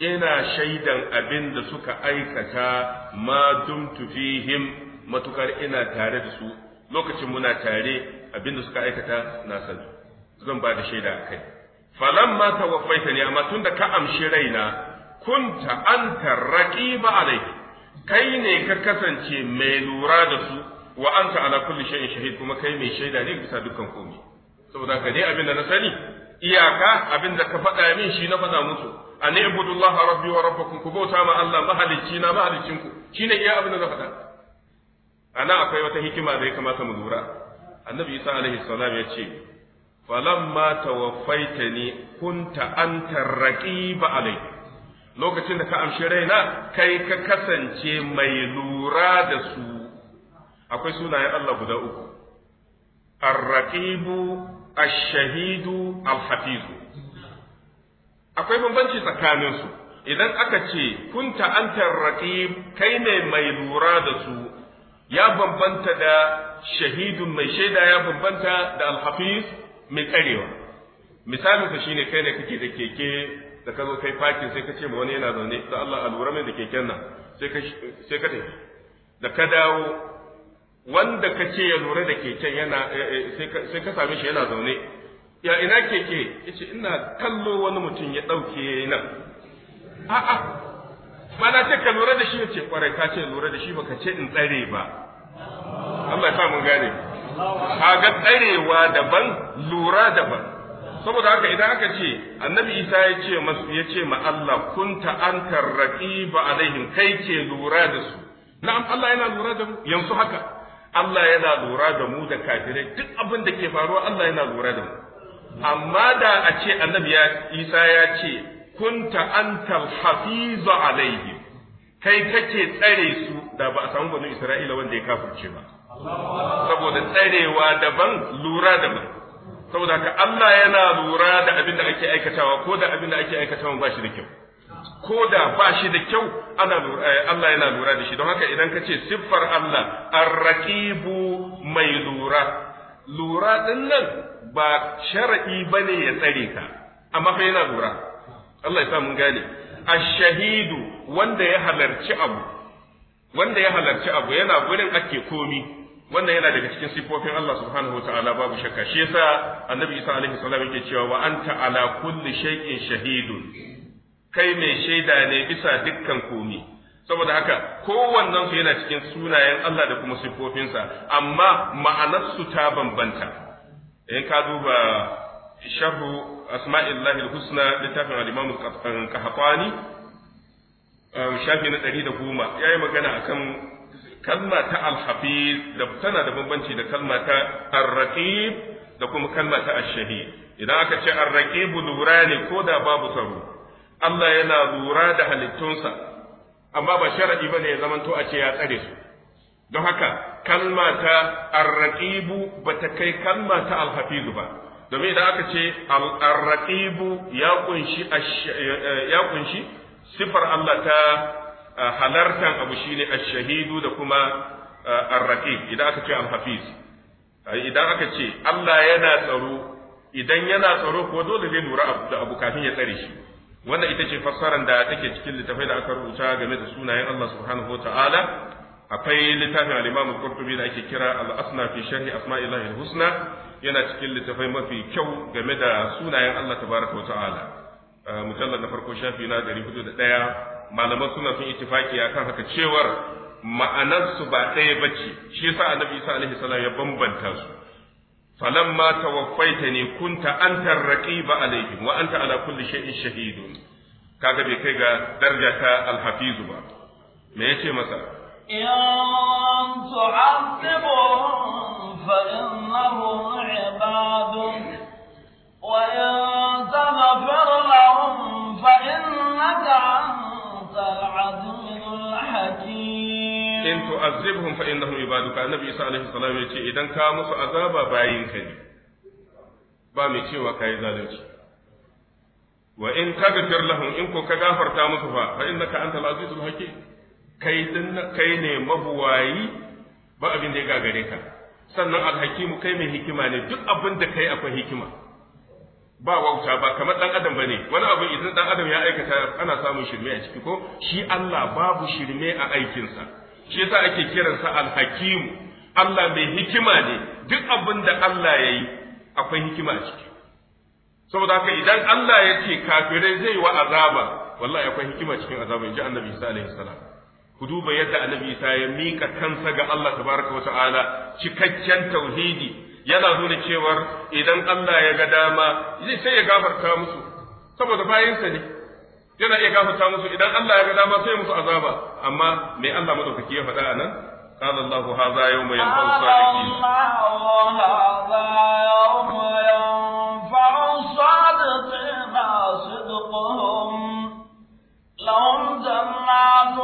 ina shaidan abin da suka aikata ma dumtu fihim matukar ina tare da su lokacin muna tare abin da suka aikata na san zan ba da shaida kai falamma tawaffaitani amma tunda ka amshi raina kunta anta raqiba alayhi kai ne ka kasance mai lura da su wa anta ala kulli shay'in shahid kuma kai mai shaida ne bisa dukkan komai saboda ka dai abin da na sani iyaka abin da ka faɗa min shi na faɗa musu an ibudullaha rabbi wa rabbukum ku bauta ma Allah mahalicci na mahaliccin ku shine iya abin da na faɗa ana akwai wata hikima da ya kamata mu lura annabi isa alaihi salam ya ce falamma tawaffaitani kunta anta raqiba alayhi lokacin da ka amshi raina kai ka kasance mai lura da su akwai sunayen Allah guda uku arraqibu ash-shahidu al-hafizu akwai bambanci tsakanin su idan aka ce kunta anta raqib kai ne mai lura da su ya bambanta da shahidu mai shaida ya bambanta da al-hafiz mai karewa misalin ka shine kai ne kake da keke da ka zo kai fakin sai ka ce ma wani yana zaune da Allah lura mai da keken nan sai ka tafi da ka dawo wanda ka ce ya lura da keken yana eh, eh, sai ka same shi yana zaune ya ina keke yace ina kallo wani mutum ya dauke nan a'a ba na ce ka lura da shi ce kwarai ka ce lura da shi baka ce in tsare ba Allah ya sa mun gane ga tsarewa daban lura daban saboda haka idan aka ce annabi isa ya ce masu ya ce ma Allah kunta antar raqiba alaihim kai ke lura da su na'am Allah yana lura da mu yanzu haka Allah yana lura da mu da kafirai duk abin da ke faruwa Allah yana lura da mu amma da a ce annabi isa ya ce kunta ta'antar hafiza alaihim kai kake tsare su da ba a samu gwanin Isra'ila wanda ya kafirce ba saboda tsarewa daban lura daban saboda ka Allah yana lura da abin da ake aikatawa ko da abin da ake aikatawa ba shi da kyau ko da ba shi da kyau eh, Allah yana lura da shi don haka idan ka ce siffar Allah arraqibu mai lura lura din nan ba shar'i bane ya tsare ka amma fa yana lura Allah ya sa mun gane ash-shahidu wanda ya halarci abu wanda ya halarci abu yana gurin ake komi wannan yana daga cikin sifofin Allah subhanahu wataala babu shakka shi yasa annabi Isa alaihi salam yake cewa wa anta ala kulli shay'in shahidun kai mai shaida ne bisa dukkan komi saboda haka kowannen su yana cikin sunayen Allah da kuma sifofinsa amma ma'anarsu ta bambanta in ka duba sharhu asma'illahi alhusna husna littafin al-imam al-qahtani um, shafi na 110 yayi magana akan kalma ta alhafiz da tana da bambanci da kalma ta arraqib da kuma kalma ta ashahid idan aka ce arraqib lura ne ko da babu tsaro Allah yana lura da halittunsa amma ba sharadi bane ya zamanto a ce ya tsare su don haka kalma ta ba bata kai kalma ta alhafiz ba domin idan aka ce arraqibu ya kunshi ya kunshi sifar Allah ta halartan abu shi ne a shahidu da kuma ar-raqib idan aka ce al idan aka ce Allah yana tsaro idan yana tsaro ko dole zai lura da abu kafin ya tsare shi wannan ita ce fassarar da take cikin littafai da aka rubuta game da sunayen Allah subhanahu wataala akwai littafin al-Imam Qurtubi da ake kira al-Asna fi Sharhi Asma'illahil Husna yana cikin littafai mafi kyau game da sunayen Allah tabaraka ta'ala mujallad na farko shafi na 401 malaman suna sun ittifaki akan haka cewar ma'anarsu ba ɗaya ba ce shi sa annabi isa alaihi salam ya bambanta su ma falamma tawaffaitani kunta tarraƙi ba alaihim wa anta ala kulli shay'in shahidun kaga bai kai ga daraja ta alhafizu ba me yace masa in tu'azzibuhum fa innahum ibadun wa in taghfir lahum fa in tu'azzibhum fa innahum ibaduka annabi isa alaihi salam yace idan ka musu azaba bayin ka ne ba mai cewa kai zalunci wa in tagfir lahum in ko ka gafarta musu fa fa innaka antal azizul hakim kai din kai ne mabuwayi ba abin da ya gagare ka sannan alhakimu kai mai hikima ne duk abin da kai akwai hikima ba wauta ba kamar dan adam bane wani abu idan dan adam ya aikata ana samun shirme a ciki ko shi Allah babu shirme a aikinsa shi yasa ake kiransa al-hakim Allah mai hikima ne duk abin da Allah yayi akwai hikima a ciki saboda haka idan Allah ya ce kafirai zai wa azaba wallahi akwai hikima cikin azaba inji Annabi Isa alaihi salam ku duba yadda Annabi Isa ya mika kansa ga Allah tabaraka wa ta'ala cikakken tauhidi yana nuna cewar idan Allah ya ga dama sai ya gafarta musu saboda bayinsa ne yana iya gafarta musu idan Allah ya ga dama sai musu azaba amma me Allah madaukaki ya faɗa anan قال الله هذا يوم ينفع الصادقين الله هذا يوم ينفع الصادقين صدقهم لهم جنات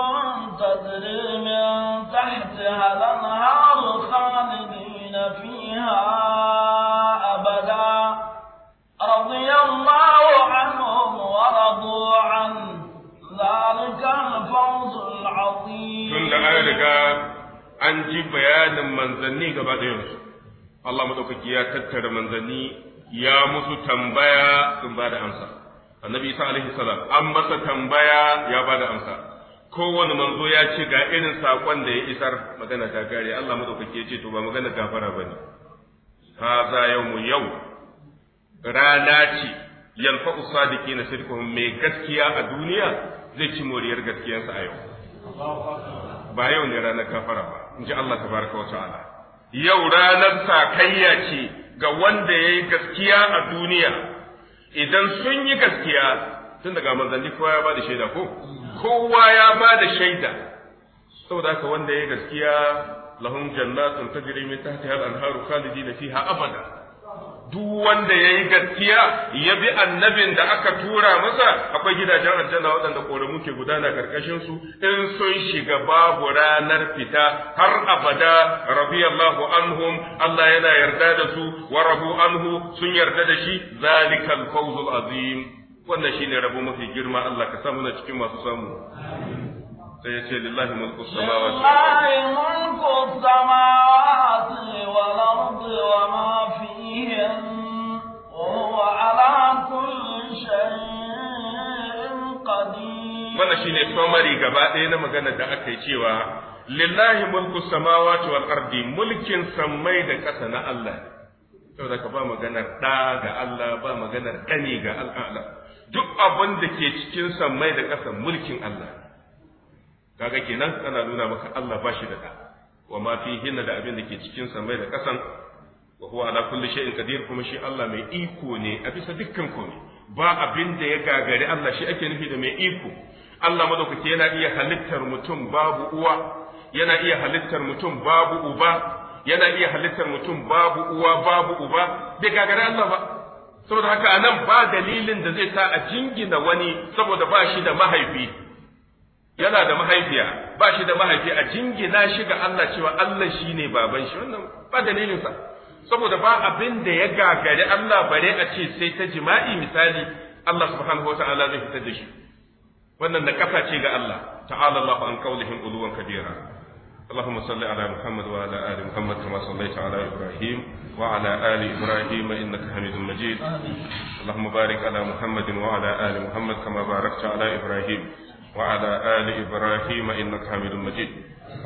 تجري من تحتها الانهار خالدين an ji bayanin manzanni gaba da yanzu, Allah maɗaukaki ya tattara manzanni ya musu tambaya sun ba da amsa annabi isa alaihi salam an masa tambaya ya ba da amsa kowane manzo ya ce ga irin saƙon da ya isar magana ta kare Allah madaukaki ya ce to ba magana gafara ba ne za yau mu yau rana ce yalfa usadiki na mai gaskiya a duniya zai ci moriyar gaskiyarsa a yau ba yau ne ranar kafara ba in ji Allah tabaraka wa ta'ala yau ranar sakayya ce ga wanda yayi gaskiya a duniya idan sun yi gaskiya tun daga manzanni kowa ya ba da shaida ko kowa ya ba da shaida saboda haka wanda ya gaskiya lahum jannatun tajri min tahtiha al-anharu da fiha abada duk wanda ya yi gaskiya ya bi annabin da aka tura masa akwai gidajen aljanna waɗanda ƙoramu ke gudana ƙarƙashin in sun shiga babu ranar fita har abada Yallahu anhum Allah yana yarda da su wa rabu anhu sun yarda da shi zalikal fawzul azim wannan shi ne rabo mafi girma Allah ka samu na cikin masu samu sai ya ce lillahi mulku samawati lillahi mulku samawati wal ardi wa ma fihin wa huwa ala kulli shay'in qadir wannan shi ne summary gaba ɗaya na magana da aka yi cewa lillahi mulku samawati wal ardi mulkin samai da ƙasa na Allah saboda ka ba maganar ɗa ga Allah ba maganar ƙani ga Allah duk abin da ke cikin mai da ƙasa mulkin Allah kaga kenan kana nuna maka Allah ba shi da da wa ma hinna da abin da ke cikin mai da ƙasan wa huwa ala kulli shay'in qadir kuma shi Allah mai iko ne a bisa dukkan komai ba abin da ya gagari Allah shi ake nufi da mai iko Allah madaukake yana iya halittar mutum babu uwa yana iya halittar mutum babu uba yana iya halittar mutum babu uwa babu uba bai gagari Allah ba saboda haka anan ba dalilin da zai sa a jingina wani saboda ba shi da mahaifi yana da mahaifiya ba shi da mahaifi a jingina shi ga Allah cewa Allah shi ne baban shi wannan ba dalilinsa saboda ba abin da ya gagari Allah bare a ce sai ta jima'i misali Allah subhanahu wa ta'ala zai fitar da shi wannan da kafa ce ga Allah ta'ala Allah an qawlihim uluwan kabira اللهم صل على محمد وعلى ال محمد كما صليت على ابراهيم وعلى ال ابراهيم انك حميد مجيد اللهم بارك على محمد وعلى ال محمد كما باركت على ابراهيم وعلى ال ابراهيم انك حميد مجيد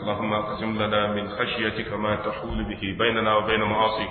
اللهم اقسم لنا من خشيتك ما تحول به بيننا وبين معاصيك